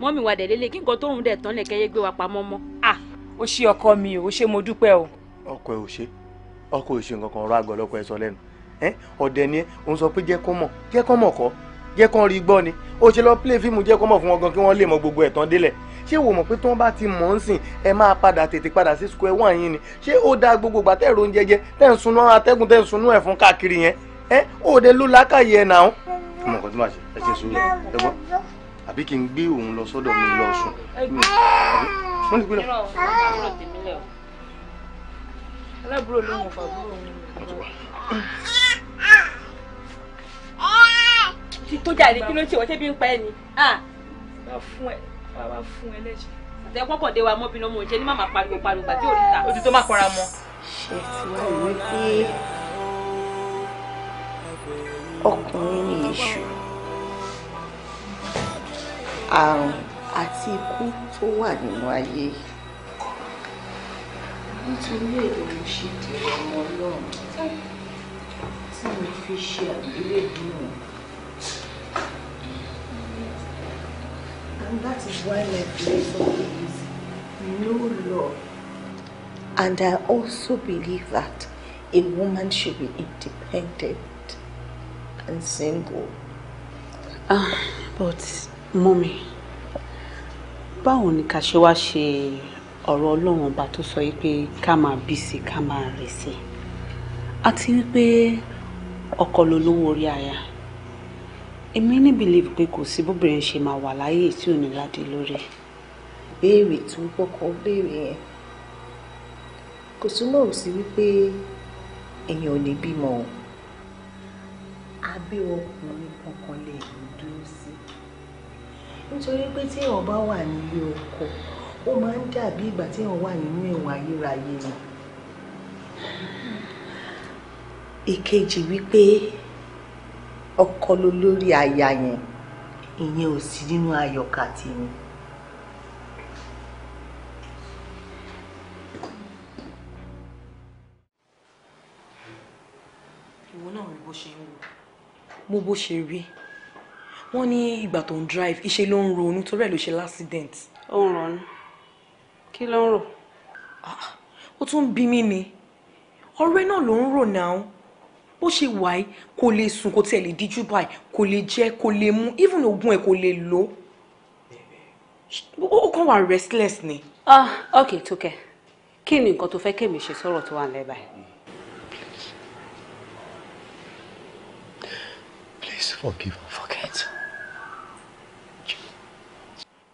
mọ́mì wa dẹ̀lélẹ̀ kí nǹkan tó rùn dẹ̀ tán lẹ̀ kẹ́yẹ́ gbé wa pamọ́ mọ́. ó ah! ṣe ọkọ mi ò ṣe mo dúpẹ́ o. ọkọ ẹ ò ṣe ọkọ ò ṣe nǹkan kan ọ̀rọ̀ àgọ́ ọlọ́kọ ẹ sọ lẹ́nu ọ̀dẹ̀ ni ó ń sọ pé jẹ́ kó mọ̀ jẹ́ kó jẹ́ kán rí gbọ́ ni ó ṣe lọ play fíìmù jẹ́ kán mọ̀ fún wọn gan kí wọ́n lè mọ gbogbo ẹ̀tàn délẹ̀ ṣé wò mọ̀ pé tí wọ́n bá ti mọ̀ ń sìn ẹ máa padà tètè padà sí square one yín ni ṣé ó dáa gbogbo gbà tẹ́ẹ̀rọ oúnjẹ jẹ tẹ́ ń sunú atẹ́gùn tẹ́ ń sunú ẹ̀ fún káàkiri yẹn ẹ ó de ló lákàyè ẹ̀ náà. ọmọ nǹkan tí màá ṣe ẹ ṣe sùúrù ẹ gbọ́ àbí kí n gbé òun lọ sọ́dọ̀ mi lọ sùn. wọ́n ní gbílọ̀. aláàbúrò ló mọ̀ ti tó jáde kí ló ṣe wọ́n ṣe bí ń pa ẹ́ ni. wàá fún ẹ wàá fún ẹ lẹ́jẹ̀. àtẹ kọ́kọ́ dé wa mọ́bìnrin ọmọ òjẹ́ ní màmá pariwo pariwo gbàdé òrìta. o ti tó má kọra mọ. ṣe ti wá ìwé pé ọkùnrin ni èṣù àrùn àti ikú tó wà nínú ayé nítorí èdè mo ṣe dèrò ọmọ ọlọ́run tí mo fi ṣe àgbélébùú And that is why my principle is no law. And I also believe that a woman should be independent and single. Ah, but mommy, báwo ni ká ṣe wá ṣe ọ̀rọ̀ ọlọ́run ọba tó sọ yìí pé ká máa bí sí ká máa rè sí àti wípé ọkọ lolówó orí aya èmi ní belief pé kò sí bóbìnrin ṣe máa wà láyé tí ò ní ládé lórí. béèrè tó kọ́kọ́ béèrè yẹn kò túmọ̀ sí wípé èèyàn ò lè bímọ o abẹ́ ọkùnrin kankan lè dúró sí nítorí pé tí èèyàn bá wà nílé ọkọ ó máa ń dàbí ìgbà tí èèyàn wà nínú ẹ̀wọ̀n ayérayé ni. ìkejì wípé. E ọkọ ló lórí aya yẹn ìyẹn ò sí nínú ayọ̀kà tèmi. ìwọ náà mo bó ṣe ń wò. mo bó ṣe rí wọn ní ìgbà tó ń drive iṣẹ ló ń ronú torí ẹ̀ ló ṣe l'accident. ó ń ronú kí ló ń rò. Ah, ó tún bí mi ni ọ̀rẹ́ náà ló ń rò náà bó ṣe wà yìí kò lè sùn kò tiẹ̀ lè díjú báyìí kò lè jẹ kò lè mu even oògùn ẹ̀ kò lè lò ó kàn wà restless ni. ah ok tókẹ́ kí ni nǹkan tó fẹ́ kémi ṣe sọ̀rọ̀ tó wà ń lẹ́ báyìí. please forgive forget.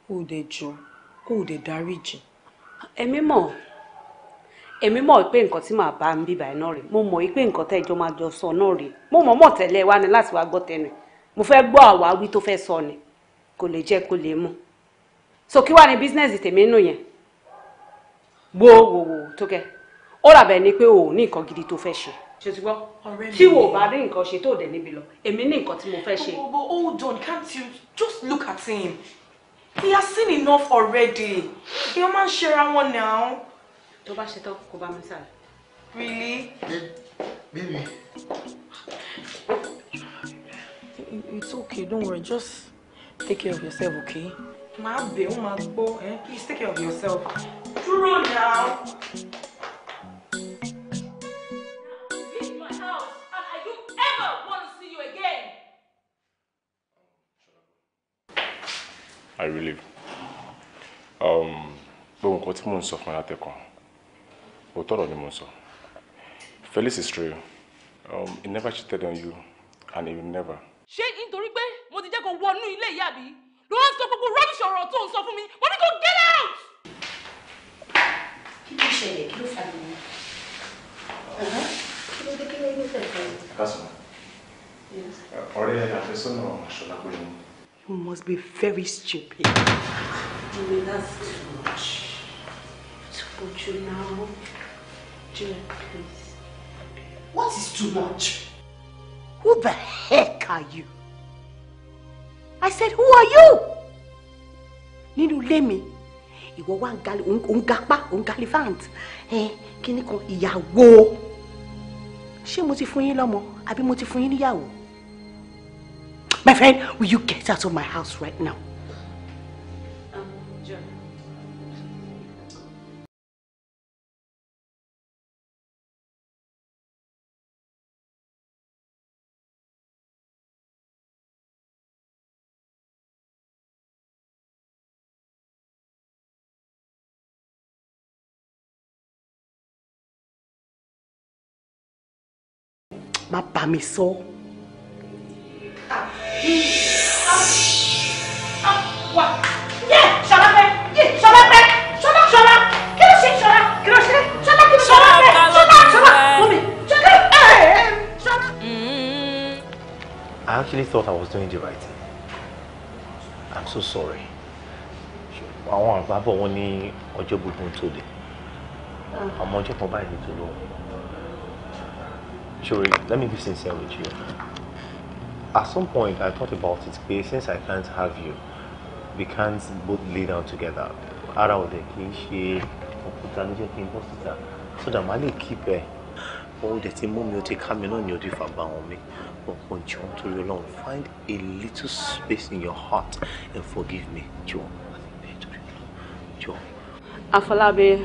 kó o dẹ̀ jọ kó o dẹ̀ dáríjì. ẹ̀mí mọ̀ èmi mọ̀ pé nǹkan tí màá bá ń bí báyìí náà rè mo mọ̀ pé nǹkan tẹ́jọ́ máa jọ sọ náà rè mo mọ̀ mọ̀ tẹ́lẹ̀ wá ni láti wá gbọ́ tẹnu mo fẹ́ gbọ́ àwáwí tó fẹ́ sọ ni kò lè jẹ́ kó lè mú so kí wá ní bísínẹ́sì tèmi nù yẹn wo wo wo tó kẹ́ ó ràbẹ̀ ni pé o ò ní nǹkan gidi tó fẹ́ ṣe ṣe tí wo bá rí nǹkan ṣe tó dẹ̀ níbi lọ èmi ní nǹkan tí mo fẹ́ ṣe. hold on can't you just look at him he has seen enough already He man ń ṣera wọn náà tó bá ṣe tán kó bá mi sáré. really. baby. it's okay don't worry just take care of yourself okay. máa bẹ̀ ó máa gbọ́ please take care of yourself. dúró náà. I really. Um, gbogbo nǹkan tí mò ń sọ fún yàtẹ̀kàn òótọ́ ọ̀rọ̀ ni mo sọ Felix is true um, he never cheated on you and he will never. ṣé nítorí pé mo ti jẹ́ kó wọnú ilé ìyá mi ló ń sọ gbogbo rubbish ọ̀rọ̀ tó ń sọ fún mi mo ní kó get out. kí ló ṣẹlẹ̀ kí ló fà mí kí ló dé kí ló yẹ fẹ́ fẹ́. kásán ọ̀rẹ́ àfẹ́sọ́nà ṣọlá pé mo. You must be very stupid. You mean, that's too much. Too much now. What is too much? Who the heck are you? I said, who are you? Nínú ilé mi, ìwọ wá ń gapá, ń galifant, kíní kan ìyàwó. Ṣé mo ti fún yín lọ́mọ àbí mo ti fún yín níyàwó? My friend, will you get out of my house right now? má bá mi sọ. I actually thought I was doing the right thing. I'm so sorry. Àwọn àgbà bọ̀ wọ́n ní ọjọ́ gbogbo tó lè. Ọmọ ọjọ́ kan báyìí tó lóhùn. Shuri, let me be sincere with you. At some point, I thought about it, but since I can't have you, we can't both lay down together. Ara òde kì í ṣe òkúta ló jẹ́ n bọ́ síta so that màá lè keep ẹ̀. Òun dẹ̀ ti mú mi o ti ká mi náà ni o ti fàgbà wọn mi. Ọ̀pọ̀ jọ torí Ọlọ́run find a little space in your heart and forgive me jọ. Àfọlábí,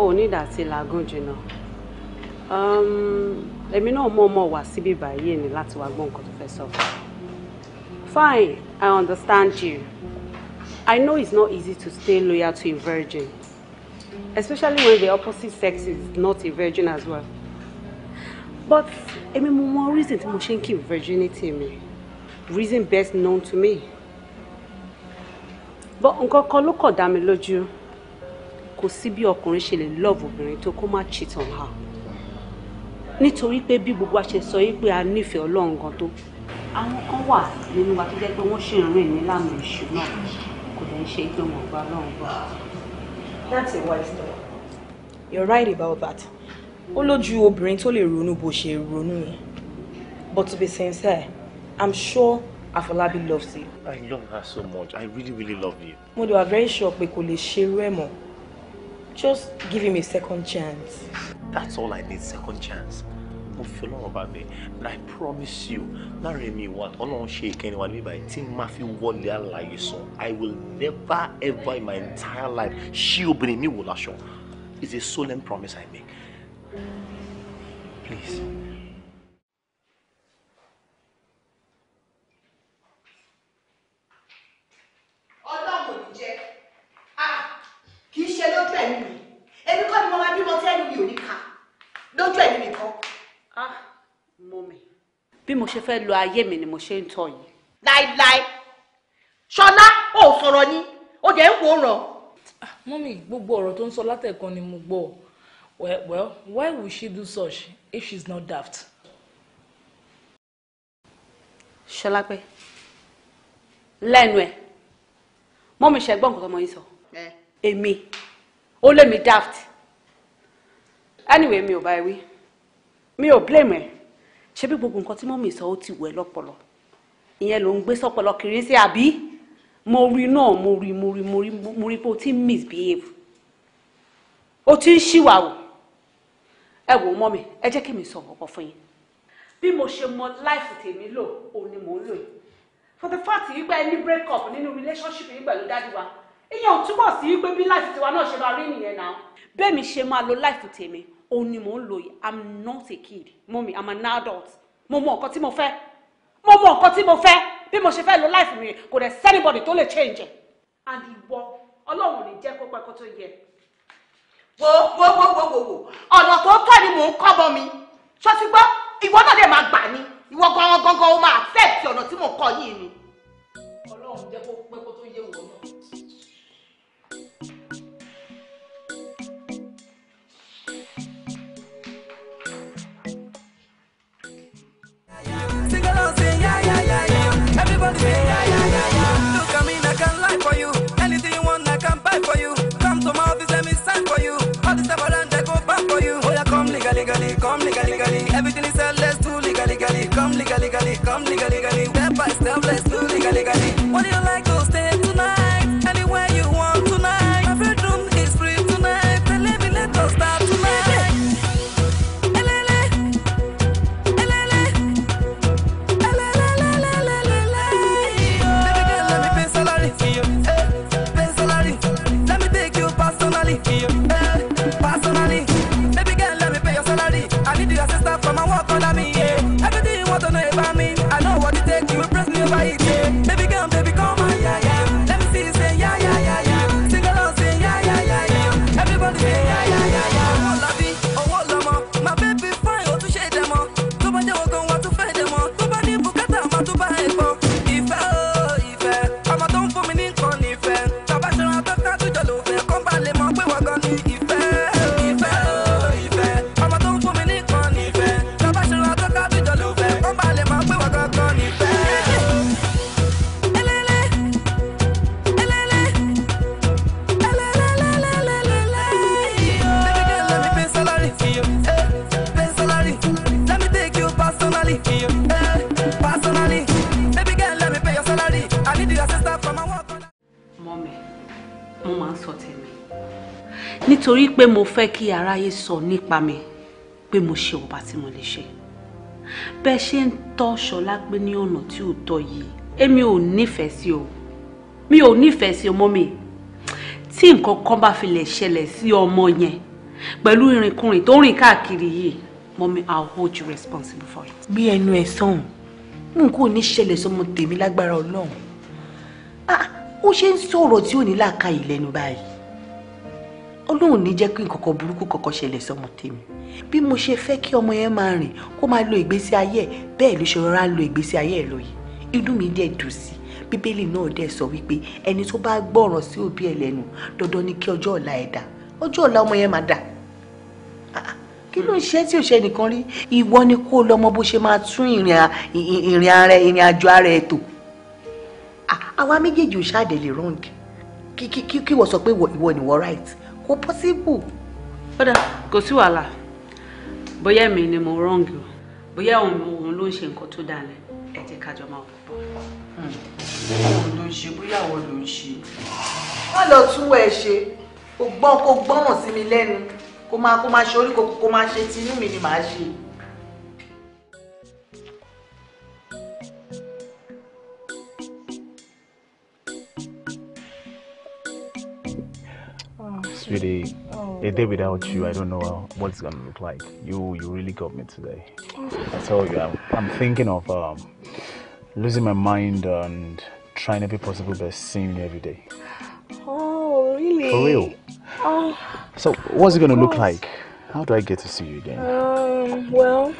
ò ní ìdàtí làágùn jìnnà. Um, èmi náà mọ̀ ọmọ wá síbí báyìí ni láti wá gbọ́ nǹkan tó fẹ́ sọ. Fine, I understand you. I know it's not easy to stay loyal to a virgin, especially when the opposite sex is not a virgin as well. But èmi mo mọ̀ reason tí mo ṣe ń keep virginity mi reason best known to me. But nǹkan kan ló kọ̀ dá mi lójú kò sí bí ọkùnrin ṣe lè love obìnrin tó kó má cheat on her nítorí pé bí gbogbo wa sọ yìí pé a nífẹ̀ẹ́ ọlọ́run gan tó àwọn kan wà nínú wa tó jẹ́ pé wọ́n ṣì ń rìn nílànà èṣù náà kò dẹ̀ ń ṣe pé wọ́n gba ọlọ́run gbọ́. that's a wise thought. you're right about that. ó lójú obìnrin tó lè ronú bó ṣe ronú yẹn but to be sincere i'm sure Afolabi loves you. I love her so much. I really, really love you. Mo dey were very sure pé kò lè ṣe irú ẹ̀ mọ́. Just give him a second chance. That's all I need, second chance mo fi ọlọ́run bá bẹ̀ and I promise you láàrin mi wà ọlọ́run ṣe ìkẹyìn wa níbí báyìí tí n máa fi wọlé àlàyé sàn I will never ever in my entire life ṣí obìnrin mi wò láṣọ it's a solemn promise I make please. ṣe fẹ́ lo ayé mi ni mo ṣe ń tọ̀ yìí. láíláí ṣọlá ò sọ̀rọ̀ ni ó jẹ́ ń wòran. Ah, mọ́mí gbogbo ọ̀rọ̀ tó ń sọ látẹ̀kan ni mo gbọ́ well why would she do such if she's not daft. ṣọlápẹ́ lẹ́nu ẹ̀ mọ́mí ṣẹ́gbọ́n nǹkan tọmọ yín sọ èmi ó lé mi daft anyway mi ò bá ẹ wí mi ò blame ẹ ṣé bí gbogbo nǹkan tí mọ́mì sọ ó ti wẹ̀ lọ́pọlọ ìyẹn ló ń gbé sọ́pọlọ kiri sí àbí mo rí náà mo rí mo rí mo rí pé o ti ń misbehave o ti ń ṣìwàwò ẹ wò ó mọ́mì ẹ jẹ́ kí mi sọ ọ̀pọ̀ fún yín bí mo ṣe mọ láìfù tèmi lò òun ni mò ń lò yìí for the fact yìí pé ẹni break up nínú relationship yìí pẹ̀lú dájú wa ìyẹn ò túbọ̀ sí pé bí láìfù tiwa náà ṣe máa rí nìyẹn náà bẹ́ẹ̀ mi ṣe máa lo láìfù tèmi òun ni mò ń i'm not a kid mọ́mi i'm an adult mo mọ nǹkan tí mo fẹ́ mo mọ nǹkan tí mo fẹ́ bí mo ṣe fẹ́ lo life mi kò dẹ̀ anybody tó lè change and ìwọ ọlọ́run ní jẹ́ kó pẹ́ kó tó yẹ. wo wo wo wo wo wo ọ̀nà tó tọ́ ni mò ń kọ́ bọ́ mi ṣọ́sí gbọ́ ìwọ náà dẹ̀ máa gbà ní ìwọ gangan gangan ó máa accept ọ̀nà tí mò ń kọ́ yìí ni. ọlọ́run jẹ́ kó pẹ́ stand for you. All the stuff around, I go back for you. Oh yeah, come legally, legally, come legally, legally. Everything is said, let's do legally, legally. Come legally, legally, come legally, legally. Step by step, let's do legally, legally. What do you like? pé mo fẹ́ kí aráyé sọ nípa mi pé mo ṣe ọba tí mo lè ṣe bẹ́ẹ̀ ṣe ń tọ́ ṣọlá pé ní ọ̀nà tí ò tọ́ yìí èmi ò nífẹ̀ẹ́ sí o mi ò nífẹ̀ẹ́ sí ọmọ mi tí nǹkan kan bá fi lè ṣẹlẹ̀ sí ọmọ yẹn pẹ̀lú ìrìnkúrìn tó rìn káàkiri yìí mọ́mí i'll hold you responsible for it. bí ẹnu ẹ sọ̀hún mú kó ní ṣẹlẹ̀ sọmọ tèmi lágbára ọlọ́run ah, ó ṣe ń sọ̀rọ̀ tí ò ní làákàyè lẹ́nu báyìí Ọlọ́run ní jẹ́ kí nǹkan burúkú kankan ṣẹlẹ̀ sọmọ tèmi bí mo ṣe fẹ́ kí ọmọ yẹn máa rìn kó máa lo ìgbésí ayé ẹ̀ bẹ́ẹ̀ ló ṣe rọra lo ìgbésí ayé ẹ̀ lóye inú mi dẹ̀ dùn sí bíbélì náà dẹ̀ sọ wípé ẹni tó bá gbọ́ràn sí òbí ẹ̀ lẹ́nu dandan ni kí ọjọ́ ọ̀la ẹ̀ dà ọjọ́ ọ̀la ọmọ yẹn máa dà ah, ah, kí ló ń ṣe tí ò ṣe nìkan rí ìwọ ni kó lọmọ bó ṣe máa tún ìrìn ara ìrìn àjò ara ẹ̀ tò ah, àwa méjèèjì ò ṣáà dẹ̀ lè wrong kí wọ́n sọ pé ìwọ ni wọ́n right kò possible. kódà kò sí wàhálà bóyá èmi ni mo wrong o bóyá òun ló ń ṣe nǹkan tó dalẹ̀ ẹ jẹ́ ká jọ máa pọ̀. Hmm. òun ló ń ṣe bóyá àwọn ló ń ṣe. wọ́n lọ tún ẹ ṣe kò gbọ́n kò gbọ́ràn sí mi lẹ́nu kó máa kó máa ṣe orí kò máa ṣe tinú mi ni màá ṣe. Sweetie, a day without you, I don't know what it's gonna look like. You you really got me today. I tell you, I'm, I'm thinking of um, losing my mind and trying every possible best seeing you every day. Oh, really? For real. Oh. So, what's it gonna look like? How do I get to see you again? Um, well,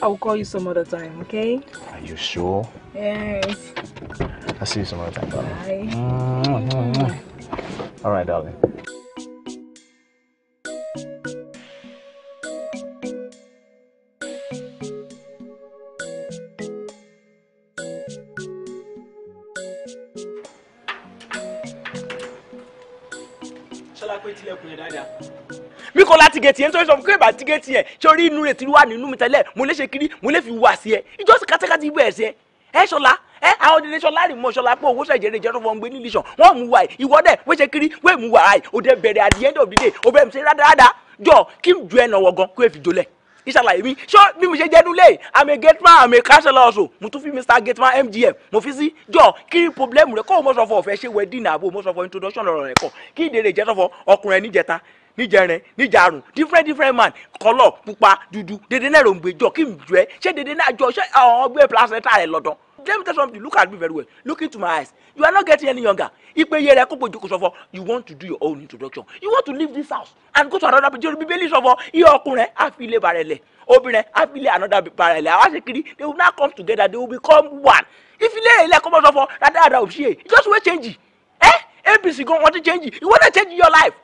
I'll call you some other time, okay? Are you sure? Yes. I'll see you some other time, darling. Bye. Mm -hmm. All right, darling. torí kọ́ láti gẹ̀tì yẹn nítorí sọ fún kébà ti gẹ̀tì yẹn tí orí inú rẹ̀ ti wà nínú mi tẹ́lẹ̀ mo lè ṣe kiri mo lè fi wà sí ẹ ìjọsìn kátákátá ibú ẹ̀ sí ẹ ẹ ṣọlá ẹ àwọn ọdún iléeṣọ láàrin mọ ṣọlá pé owó ṣẹjẹrẹ ìjẹrọ fún ọgbẹ nílùú ìṣàn wọn mú wa ẹ ìwọ dẹ wọ́n ṣe kiri wọ́n mú wa ẹ òde bẹ̀rẹ̀ at the end of the day òbẹ̀ mi ṣe rádaràda jọ kí n ju ẹnà wọ̀gán kó e fi jolẹ̀ ìṣàlàyé mi ṣọ bí mo ṣe jẹ́ dúlé àmì gateman àmì káṣẹ́lá ọ̀ṣọ́ mo tún fi mr gateman mgm mo fi sí jọ kí problem rẹ kó o mọ̀ sọ̀fọ̀ ọ̀fẹ́ ṣe wedding àbò mọ̀ sọ̀fọ̀ introduction ọ̀rọ̀ rẹ̀ kọ̀ kí ìdèrè ìjẹ́sọ̀fọ̀ ọkùnrin ẹni jẹta níjẹrin níjàrún different different man kọlọ pupa dúdú dèdè náà ló ń gbẹjọ kí n jẹ ṣé dèdè náà jọ ṣé àwọn ọgbẹ placenta rẹ lọdọ let me tell you something look at me very well look into my eyes you are not getting any younger ìpèyè rẹ kó gbòjòkó sọfọ you want to do your own introduction you want to leave this house and go to another place yorùbá bíbélì sọfọ iye ọkùnrin á fi ilé bara ẹlẹ obìnrin á another bara ẹlẹ àwọn àṣekiri they will now come together they will become one ìfilé ilé kọ́mọ sọfọ dáadáa òṣìṣẹ́ just wait change Eh? apc gan wọn ti change you wan change your life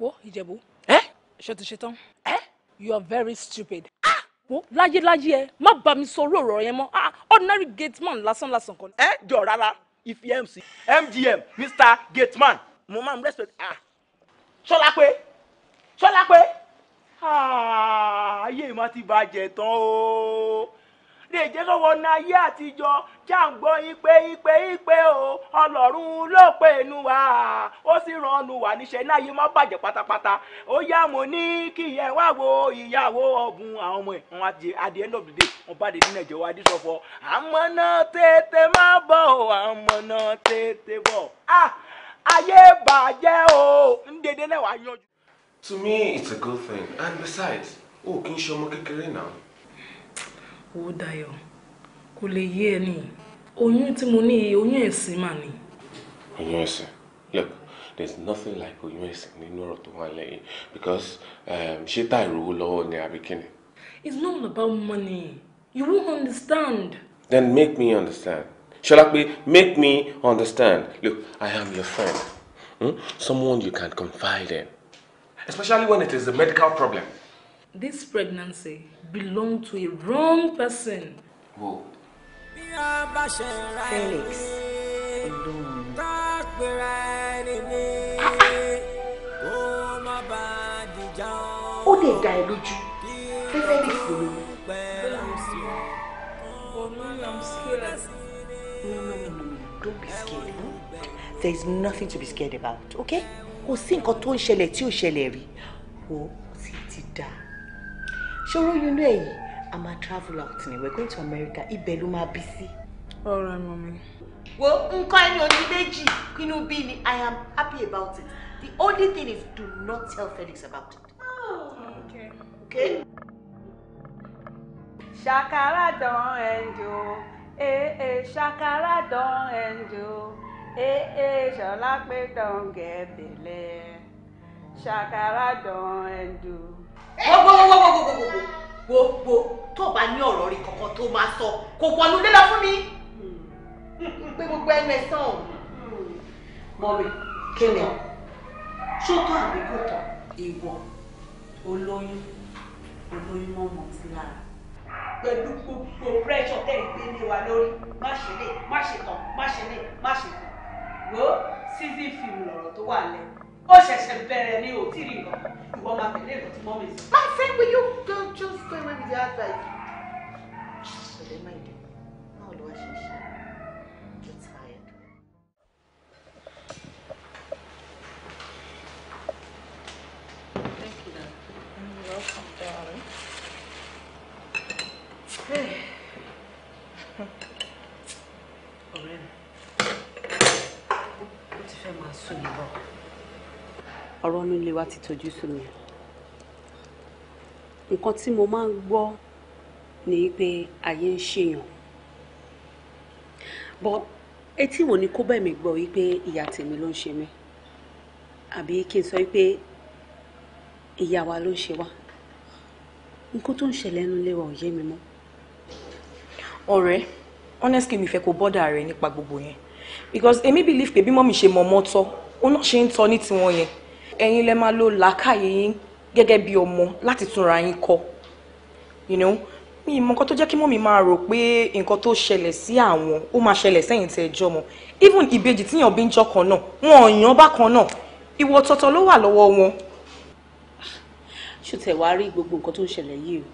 wo ìjẹ̀bú ẹ́ ṣe ti ṣe tán ẹ́ you are very stupid ah! wo láyéláyé ẹ má bá mi sọ̀rọ̀ ọ̀rọ̀ yẹn mọ́ ah, ordinary gateman lásán lásán kan. ẹ jọ rárá if mc mgm mr man. mo máa ń respect ah ṣọlá pé ṣọlá pé ah, ayé mi ti bàjẹ́ tán o. dèjé sọ̀wọ́ ní ayé àtijọ́ já ń gbọ́ ipe o ọlọ́run ló pe nù wá ó sì rànnù wá níṣẹ́ náà yìí má bàjẹ́ pátápátá ó yá mo ní kí ẹ wá wo ìyàwó ọ̀bùn àwọn ọmọ ẹ̀ wọn adìẹ adìẹ end of the day wọn bá wa dísọ̀fọ́ tètè má bọ̀ o àmọ́ tètè bọ̀ ayé bàjẹ́ o náà yanjú. To me it's a good thing and besides o kì í ṣe ọmọ kékeré wò ó Dayọ̀ kò lè yé ẹ nìyí oyún tí mo ní oyún ẹ̀sìn mà ni. oyún ẹ̀sìn look there is nothing like oyún ẹ̀sìn nínú ọ̀rọ̀ tó wà lẹ́yìn because um, ṣé tá ìrówó lọ́wọ́ ni àbí kíni. it's not about money you won't understand. then make me understand Sholakbe make me understand look I am your friend hmm? someone you can confide in especially when it is a medical problem this pregnancy belonged to a wrong person. Who? Felix. ó lè dá ẹ lójú pé Felix ló lóyún. Oh, no, no, no, no, don't be scared. No? There is nothing to be scared about, okay? Kò sí nǹkan tó ń ṣẹlẹ̀ tí ò ṣẹlẹ̀ rí. Wo ti ti dáa ṣòro yín lé yìí a traveler, travel we're going to America ibẹ̀ ló máa bí sí. ọ̀rọ̀ ẹ̀mọ mi. wo nǹkan ẹni I am happy about it the only thing is do not tell Felix about it. Oh, okay. okay? Shakara don enjo, eh eh shakara don enjo, eh eh shalape don't get bele ṣàkàrà dán ẹ̀ǹdù. gbogbogbogbogbogbogbogbo tó bá ní ọ̀rọ̀ rí kankan tó máa sọ kò wọnú lé lọ fún mi hmm. pé gbogbo ẹnu ẹ sàn ọ́n. Hmm. mọ́mi kí ni ṣó tán àbí kò tán ìwọ olóyún olóyún mọ́mọ́ sí lára pẹ̀lú gbogbo pressure tẹ̀ ń gbé ní wa lórí má ṣe lè má ṣe tán má ṣe lè má ṣe tán wo season film lọ̀rọ̀ tó wà lẹ́nu ó ṣẹ̀ṣẹ̀ bẹ̀rẹ̀ ni ò tí ì rìn lọ máa tẹ̀lé ìlú tí my friend will you go just go away with the advice. ọ̀dẹ̀ máa ń dùn báwo ṣe ń ṣe. ọ̀rọ̀ inú ilé wa ti tojú sú mi nǹkan tí mo máa ń gbọ́ ni pé ayé ń ṣèyàn bọ́ etí wo ni kó bẹ́ẹ̀ mi gbọ́ wípé ìyá tèmi ló ń ṣe mí àbí kí n sọ wípé ìyá wa ló ń ṣe wá nǹkan tó ń ṣẹlẹ̀ nínú ilé wa ò yé mi mọ́. ọ̀rẹ́ honestly mi fẹ́ kó bọ́dà rẹ nípa gbogbo yẹn because èmi believe pé bí mọ́mì ṣe mọ ọmọ tọ́ ó náà ṣe ń tọ́ ní tiwọn yẹn ẹ̀yin lẹ máa lo làákàyè yín gẹ́gẹ́ bí ọmọ láti túnra yín kọ you know mi mọ nǹkan tó jẹ́ kí mọ́mí máa rò pé nǹkan tó ṣẹlẹ̀ sí àwọn ó máa ṣẹlẹ̀ sẹ́yìn tẹ ẹjọ́ mọ́ even ìbejì tíyàn bí ń jọ kan náà wọn ò yàn bákan náà ìwọ tọ̀tọ̀ ló wà lọ́wọ́ wọn. ṣùtẹ̀ wá rí gbogbo nǹkan tó ń ṣẹlẹ̀ yìí o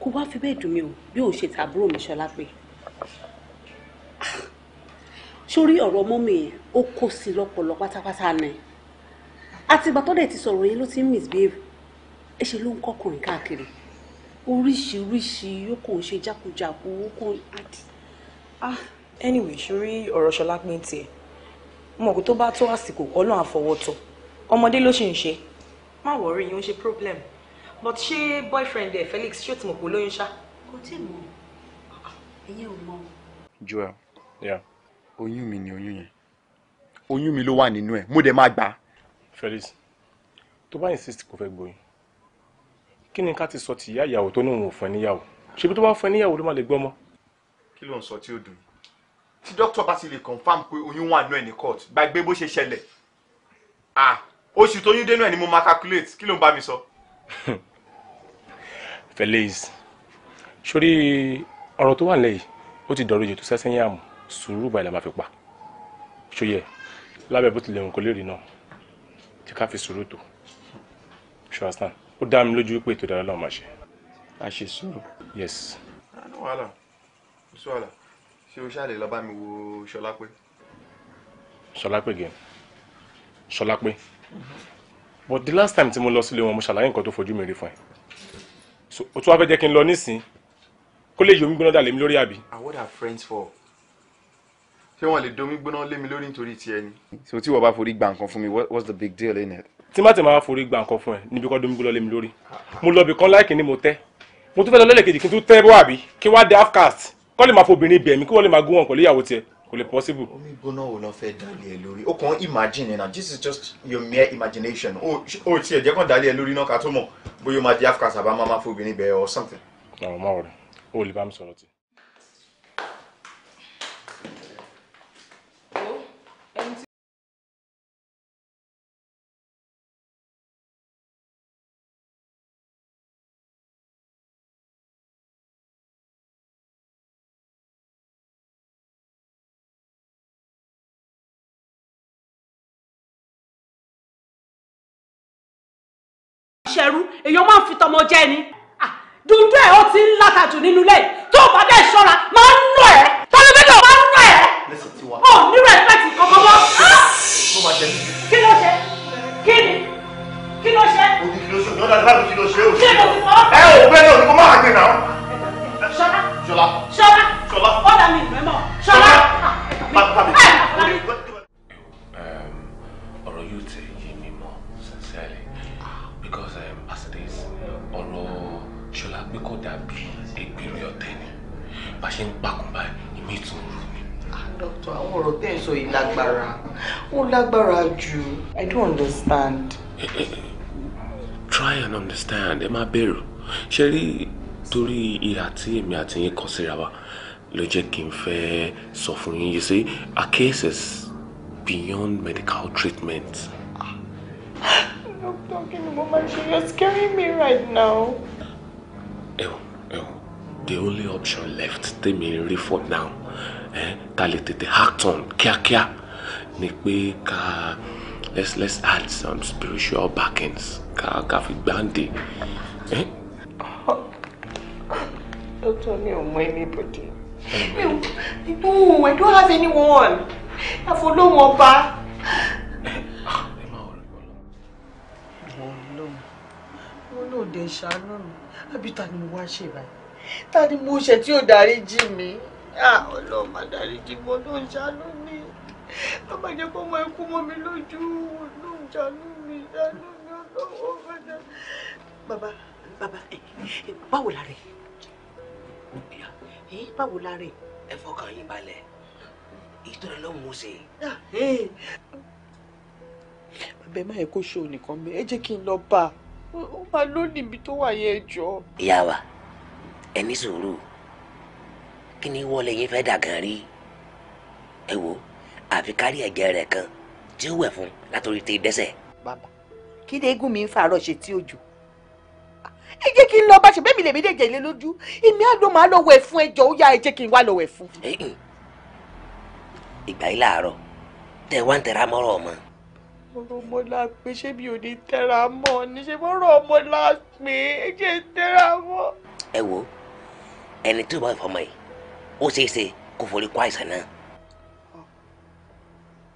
kó wá fi bẹ́ẹ̀ dùn mí o bí òun ṣe tàbúrò mi ṣọlá pé sórí ọ̀rọ̀ mọ́mí yẹn ó kó sí lọ́pọ̀lọ́ pátápátá náà àtìgbà tó dẹ̀ ti sọ̀rọ̀ yẹn ló ti ń misbehave ẹ ṣe ló ń kọkùnrin káàkiri oríṣiríṣi yóò kàn ṣe jákujàku ó kàn àdì. ah anyway ṣorí ọ̀rọ̀ ṣọlá pín tiẹ̀ mọ̀ kó tó bá tó àsìkò ọlọ́run àfọwọ́tọ̀ ọmọdé ló ṣì ń ṣe má wọ̀ọ́rì yín ó ṣe problem but ṣé boyfriend ẹ Felix ṣé o ti mọ̀ pé olóyún ṣá. kò tí ì mọ̀ ẹ̀yẹ́ ò mọ̀. Joel oyún mi ni oyún yẹn oyún mi ló wà nínú ẹ mo dẹ̀ máa gbà á Felix tó bá insist kò fẹ́ gbóyin kí ni ká ti sọ ti ìyá ìyàwó tó ní òun ò fẹ́ níyàwó ṣebí tó bá fẹ́ níyàwó ló má lè gbọ́ mọ́. kí ló ń sọ tí ó dùn tí dókítà bá ti lè confam pé oyún wà nù ẹ̀ ní court gbàgbé bó ṣe ṣẹlẹ̀ ah oṣù tó yún dénú ẹ̀ ni mo máa calculate kí ló ń bá mi sọ. Felix sórí ọ̀rọ̀ tó wà nílẹ̀ yìí ó ti dọ̀rọ̀ jù tó sẹ́sẹ́ yẹn àmọ́ sùúrù báyìí la fi pa ṣóyẹ lábẹ́ bó tilẹ̀ òun lè rí náà tí ká fi sùúrù tó ṣùgbọ́n ó dá mi lójú pé ètò ìdára máa ṣe. a ṣe sùúrù. yes. àná ah, wàhálà kò wàhálà ṣé o ṣáà lọ bá mi wo ṣọlápé. ṣọlápé gẹ̀ ṣọlápé but the last time tí mo lọ sílé wọn mo ṣàlàyé nǹkan tó fojú mi rí fún ẹ so o tún wá fẹ́ jẹ́ kí n lọ nísìn kó lè yọ mí gbóná dà mi lórí àbí. and ah, what are friends for? ṣé wọn lè domi gbóná lé mi lórí nítorí tiẹ̀ ni. so tí wọ́n bá forí gba nǹkan fún mi what's the big deal in it. tí má ti máa forí gba nǹkan fún ẹ níbi kan domi gbóná lé mi lórí mo lọ bìkan láìkí ni mo tẹ́ mo tún fẹ́ lọ lẹ́lẹ̀kejì kí n tún tẹ́ bó àbí kí wá dé afcast kọ́ lè máa fobìnrin bẹ̀ mí kí wọ́n lè máa gún wọn pẹ̀lú ìyàwó tiẹ̀ kò lè possible. omi gbóná wo ló fẹ́ dalẹ̀ ẹ lórí o kàn imagine na this is just your mere imagination o o tiẹ̀ jẹ́ kàn dalẹ̀ ẹ lórí náà ká tó mọ̀ bóyá o máa di afcast àbá máa máa fobìnrin bẹ̀ or something. àwọn ọmọ rẹ o lè bá mi sọ̀rọ̀ tí. dẹrú èèyàn máa ń fi tọmọ jẹ ni ah, dundun ẹ ó ti ń látàjù nínú ilé tó o bá dẹ ṣọ́ra máa ń nù ẹ tọ́lú bí kò máa ń nù ẹ ó bẹ̀rù ṣe rí torí ìhà tí èmi àti yín kàn síra wa ló jẹ́ kí n fẹ́ sọ fún yín yìí sí cases beyond medical treatment. doctor kí ni mo máa ṣe you are scaring me right now. ẹ̀wọ̀n ẹ̀wọ̀n the only option left tèmi rí for now eh, ta lè tètè act on kíákíá ni pé ká let's let's add some spiritual backings ká ká fi gbáǹde. Doctor, mi ò mọ anybody. No, I don't have anyone. I follow wọn ba. Wọ́n náà dẹ̀ ṣàánú mi. Àbí ta ni mo wá ṣe báyìí? Ta ni mo ṣe tí ò dáríjì mi? Ọlọ́run má dáríjì mi, Ọlọ́run ṣàánú mi. Bàbá jẹ́ kó mọ ikú mọ́ mi lójú. Ọlọ́run ṣàánú mi, ṣàánú mi, Ọlọ́run ọ̀gbẹ́dẹ. Bàbá bàbá báwo la rẹ̀ báwo la rẹ̀. ẹ fọkàn yín balẹ̀ ìtọ́ni ló mú ṣe. Ah, bàbá ẹ má yẹ kó ṣe onìkan mi ẹ jẹ́ kí n lọ bá a ó máa ló níbi tó wà yẹn jọ. ìyá wa ẹ ní sùúrù kí ni wọlé yín fẹ́ dàgàn rí ẹ wo àfi kárí ẹ̀jẹ̀ rẹ̀ kan tí ó wẹ̀ fún látòrí tẹ dẹ́sẹ̀. bàbá kí ni eégún mi ń fa àròṣe tí ó jù ẹ jẹ́ kí n lọ bá ṣe bẹ́ẹ̀ mi lè mi lè jẹ̀lé lójú èmi á lọ màá lọ wẹ̀ fún ẹjọ́ ó yá ẹ jẹ́ kí n wá lọ wẹ̀ fún. ìgbà yìí làárọ̀ tẹ wá ń tẹra mọ́rọ̀ ọmọ. ọ̀rọ̀ ọmọ la pé ṣé mi ò ní tẹra mọ́ ni ṣé mọ́rọ̀ ọmọ la pé ẹ jẹ́ tẹra mọ́. ẹ wo ẹni tó bá fọmọ yìí ó ṣeé ṣe kó forí kó àìsàn náà.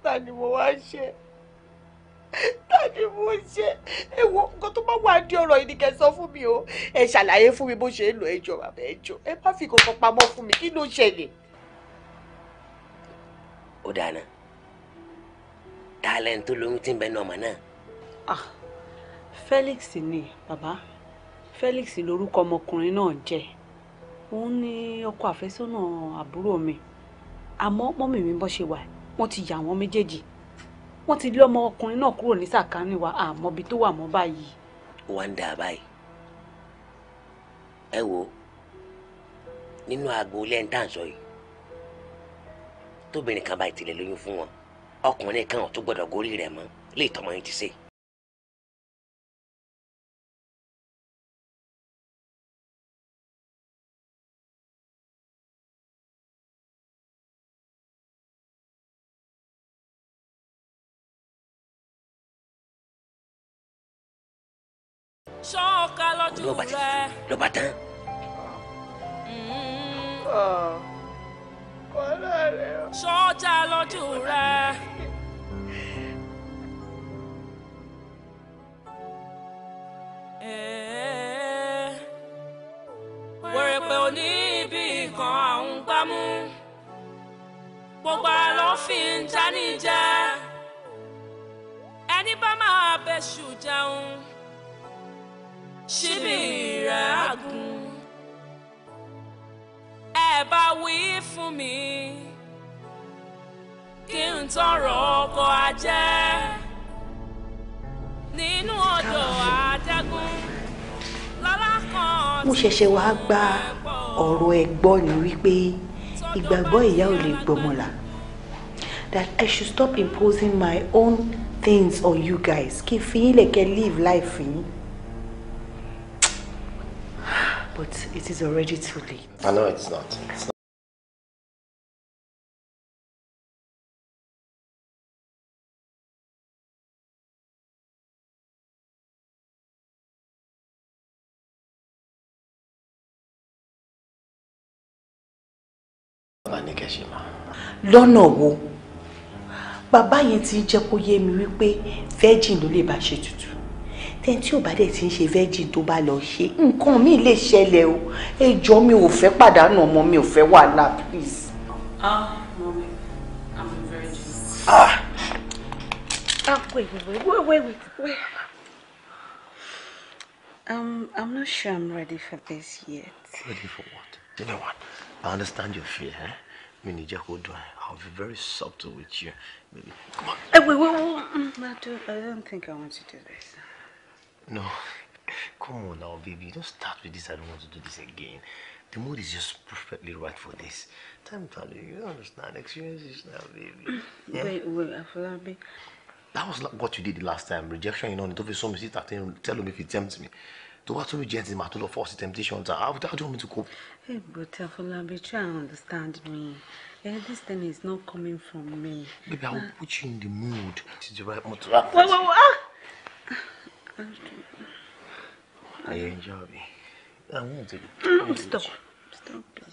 ta ni mo wá ṣe tàbí mo ṣe ewo nǹkan tó bá wà ní ọ̀rọ̀ yìí ni kẹ́ sọ fún mi o ẹ ṣàlàyé fún mi bó ṣe ń lọ ẹjọ́ bàbá ẹjọ́ ẹ bá fi kankan pamọ́ fún mi kí ló ṣẹlẹ̀. ó dáná tálẹ̀ tó lóyún tí ń bẹ ní ọmọ náà. ah Felix ni bàbá Felix lorúkọ ọmọkùnrin náà jẹ́ òun ní ọkọ àfẹ́sọ́nà àbúrò mi àmọ́ mọ́mì mi bọ́ ṣe wà wọ́n ti yà wọ́n méjèèjì wọ́n ti lé ọmọ ọkùnrin náà kúrò ní sàkání wa àmọ́bi tó wà mọ́ báyìí. wọ́n ń dà báyìí ẹ wo nínú aago lẹ́yìn tá à ń sọ yìí tóbìnrin kan báyìí tilẹ̀ lóyún fún wọn ọkùnrin kan ò tún gbọ́dọ̀ gorí rẹ̀ mọ́ lè tọmọ yín ti ṣe. lọ́ba ti lọ́ba tán. sọ́jà lójú rẹ̀. wẹ̀rẹ̀pẹ̀ ò ní ibi kan àwọn gbámú gbogbo àlọ́ fi ń já níjẹ́ ẹni bá máa bẹ̀ṣù jẹun ṣíbí rẹ̀ àgùn. ẹ bá wí fún mi kí n tọrọ ọkọ ajẹ́ nínú odò adágún lọ́lá kan. mo ṣẹ̀ṣẹ̀ wáá gba ọ̀rọ̀ ẹ̀ ni wípé ìgbàgbọ́ ìyá ò lè gbọmọlà that I should stop imposing my own things on you guys kí n fi yín lẹ̀kẹ́ live life yín but it is already too late. I know it's not. It's not. lọ́nà wo bàbá yẹn ti jẹ́ kó yé mi wípé virgin ló lè bá ṣe tutù tẹ́ tí ò bá dẹ̀ ti ń ṣe virgin tó bá lọ ṣe nǹkan mi lè ṣẹlẹ̀ o ẹjọ́ mi ò fẹ́ pàdánù ọmọ mi ò fẹ́ wàhálà please. ah mommy i'm a virgin. ah. ah wait wait wait wait wait wait. Um, I'm not sure I'm ready for this yet. Ready for what? You know what? I understand your fear, eh? Mini Jakodwa, eh? I'll be very subtle with you. Maybe. Come on. Uh, wait, wait, wait. Mm, I, don't, I don't think I want to do this. No. Come on now, baby. Don't start with this. I don't want to do this again. The mood is just perfectly right for this. Time travel, you don't understand. Experience is now, baby. Yeah? Wait, wait, Afolabi. That was like what you did the last time. Rejection, you know, nítorí sọ mi sí tàtí tell him if he tempts me. Tó bá tún reject him, àtúntò force temptation. How, how do you want me to cope? Hey, but Afolabi, try and understand me. Yeah, this thing is not coming from me. Baby, I will put you in the mood. This the right mood to act. Wait, wait, wait. I enjoy enjoying? I want to. No, stop. Stop, please.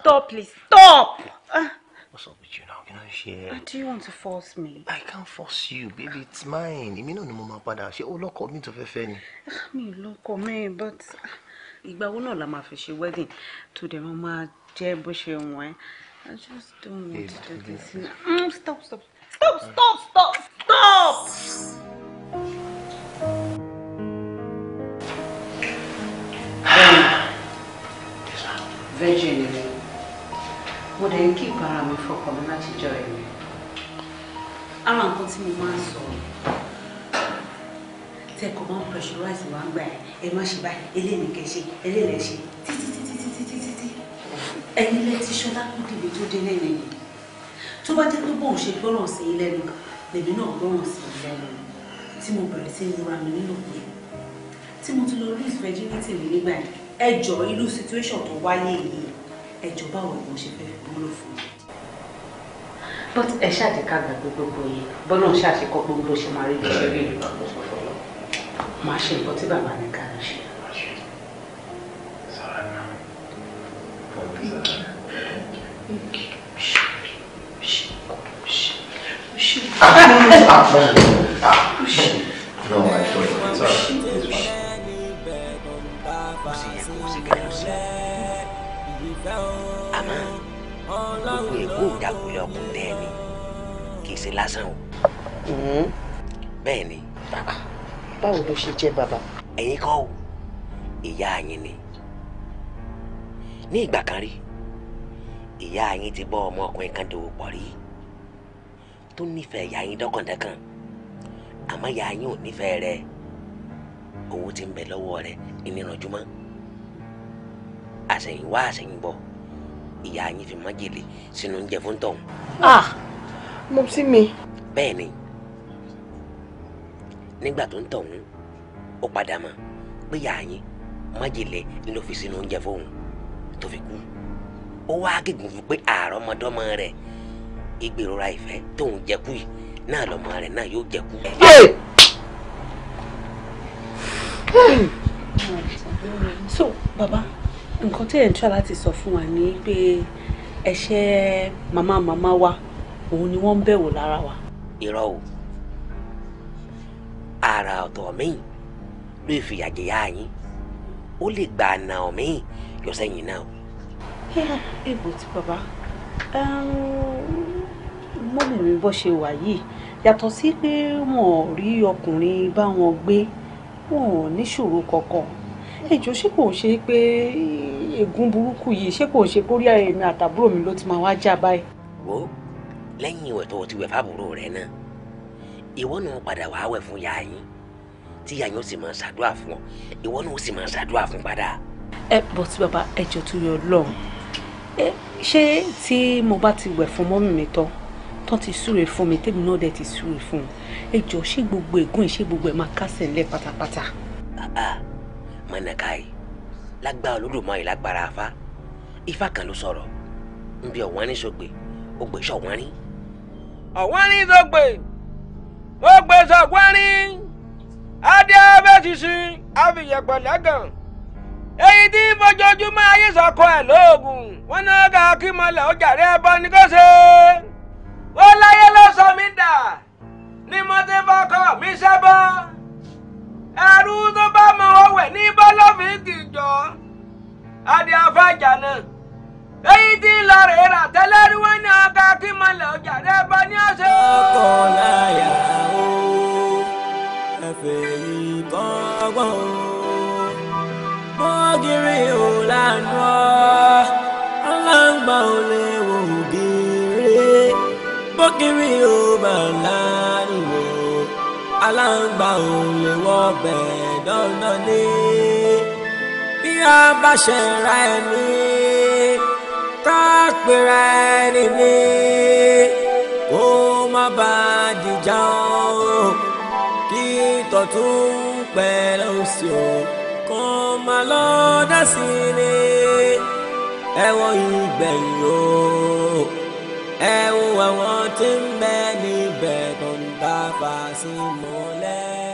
Stop, please. Ah. Stop! What's up with you now? Can I share? Ah, do you want to force me? I can't force you, baby. It's mine. Èmi náà ni mo máa padà ṣe olóko mi tó fẹ́ fẹ́ ni. Ah, mi lọ́kọ mi, but ìgbà wo náà la máa fi ṣe wedding to the mama máa jẹ́ bó ṣe I just don't want Babe, to do this. Mm, stop, stop, stop, stop, stop, stop! stop. virgin ni mi mo dẹ̀ ń kí ìbára mi fọkàn mi láti jọ ẹ̀mí ara nǹkan tí mo máa ń sọ tẹ kò máa ń pressurize wá gbà ẹ má ṣe báyìí eléyìí kẹ ṣe eléyìí lẹ ṣe títí títí títí títí títí ẹni lẹ ti ṣọlá kó débi tó dé lẹ́nu yìí tó bá jẹ́ pé bóun ṣe gbọ́ràn sí i lẹ́nu lèmi náà gbọ́ràn sí i lẹ́nu tí mo bẹ̀rẹ̀ sí í múra mi nínú pé tí mo ti lọ lose virginity mi nígbà yìí ẹjọ irú situation tó wáyé yìí ẹjọ báwo ni mo ṣe fẹ́ gbóló fún un. but ẹ ṣáàjì ká gbàgbé gbogbo yìí bọ́lá ń ṣàṣekọ́ gbogbo ṣe máa rí bí ṣe rí ìlú máa ṣe nǹkan tí bàbá mi ká lọ ṣe. Thank you. jákulẹ̀ ọkùnrin náà ni kì í ṣe lásán o. Mm-hmm. bẹ́ẹ̀ ni. Ah, báwo ló ṣe jẹ́ bàbá. ẹ̀yin kọ́ o ìyá yín ni ní ìgbà kan rí ìyá yín ti bọ́ ọmọkùnrin kan dòwò pọ̀ rí tó nífẹ̀ẹ́ ìyá yín dọ́kàndọ́kàn àmọ́ ìyá yín ò nífẹ̀ẹ́ rẹ̀ owó tí ń bẹ lọ́wọ́ rẹ̀ ìnirànjúmọ́ àṣẹ̀yìnwá àṣẹ̀yìnbọ̀ ìyá yín fi májèlé sínú oúnjẹ fún tọ̀hún. ah mo sí mi. bẹ́ẹ̀ ni nígbà tó ń tọ̀hún ó padà mọ̀ pé ìyá yín májèlé ló fi sínú oúnjẹ fóun tó fi kú ó wá gègùn fún pé àárọ̀ ọmọdọ́mọ rẹ̀ ìgbèrora ìfẹ́ tóun jẹ́kù yìí náà lọ́mọ rẹ̀ náà yóò jẹ́kù. Hmm. so baba nǹkan tí ẹ̀ ń tọ́ láti sọ fún wa ni pé ẹ̀ṣẹ̀ màmá màmá wa òun ni wọ́n ń bẹ̀wò lára wa. irọ́ o ara ọ̀tọ̀ míì ló ìfìyà jẹ̀yà yín ó lè gba àna míì yọ sẹ́yìn náà. èèbò tí bàbá mọ́mì mi bọ́ ṣe wà yìí yàtọ̀ sí pé wọn ò rí ọkùnrin bá gbé wọn ò níṣòro kankan ẹjọ́ ṣé kò ṣe pé ègún burúkú yìí ṣé kò ṣe kórí èmi àtàbúrò mi ló ti máa wá já báyìí. wo lẹ́yìn ìwẹ̀ tó ti wẹ̀ fáàbùrò rẹ náà ìwọ náà padà wàá wẹ̀ fún yàá yín tí yàá yín ó sì máa ṣàdúrà fún ọ ìwọ náà ó sì máa ṣàdúrà fún padà. ẹ bọ tí bàbá ẹjọ́ tó yọ lọ́hùn ṣé tí mo bá ti wẹ̀ fún mọ́mì mi tán tán ti súre fún mi tèmi náà dẹ̀ ti súre fún un ṣé gbogbo ègún ìṣe gbogbo ẹ̀ máa kásẹ̀ ńlẹ̀ pátápátá. Ah, ah mọ̀nàkáì lágbá olódùmarè lágbára afá ifá kan ló sọ̀rọ̀ nbí ọ̀wọ́n ní sọ̀gbè ògbè sọ̀wọ́n rí. ọ̀wọ́n ní sọ̀gbè mo gbé sọ̀gbọ́n rí adé abẹ́sísí àfìyẹ̀pẹ̀ lẹ́gàn èyí tí fojoojúmọ́ ayé sọ̀kọ ẹ̀ lóògùn wọn náà ga kí mọ́lẹ̀ ó jàre ẹbọ ni kò ṣe ó láyé ló sọ dà ni mo ti fọkọ mi ṣẹ́ bọ́ ẹrú tó bá mọ ọwẹ ní bọlọfin ti jọ adé náà èyí tí ń lọ rèé rà tẹ́lẹ̀ rí wọ́n ní ọkà kí mo lè ọjà rẹ bọ́ ní ọ̀sẹ̀. ọkọ láyà o ẹ̀fẹ̀ yìí kọ́gbọ́n o mọ́gìrì ò lánà aláǹgbá ò lè wò gèrè mọ́gìrì ò bàlá nìwọ̀ aláǹgbá ò lè wọ bẹ́ẹ̀ dandan ni bí a bá ṣe ra ẹni tá a pèrè ẹni ní kó má bá a dìjà o kí tọ̀tún pẹ̀lú sí o kó má lọ dá sí ni ẹ̀wọ̀n ìgbẹ̀yìn o ẹ̀wọ̀n àwọn tí ń bẹ níbẹ̀ gan bàbá sí mọ́lẹ̀.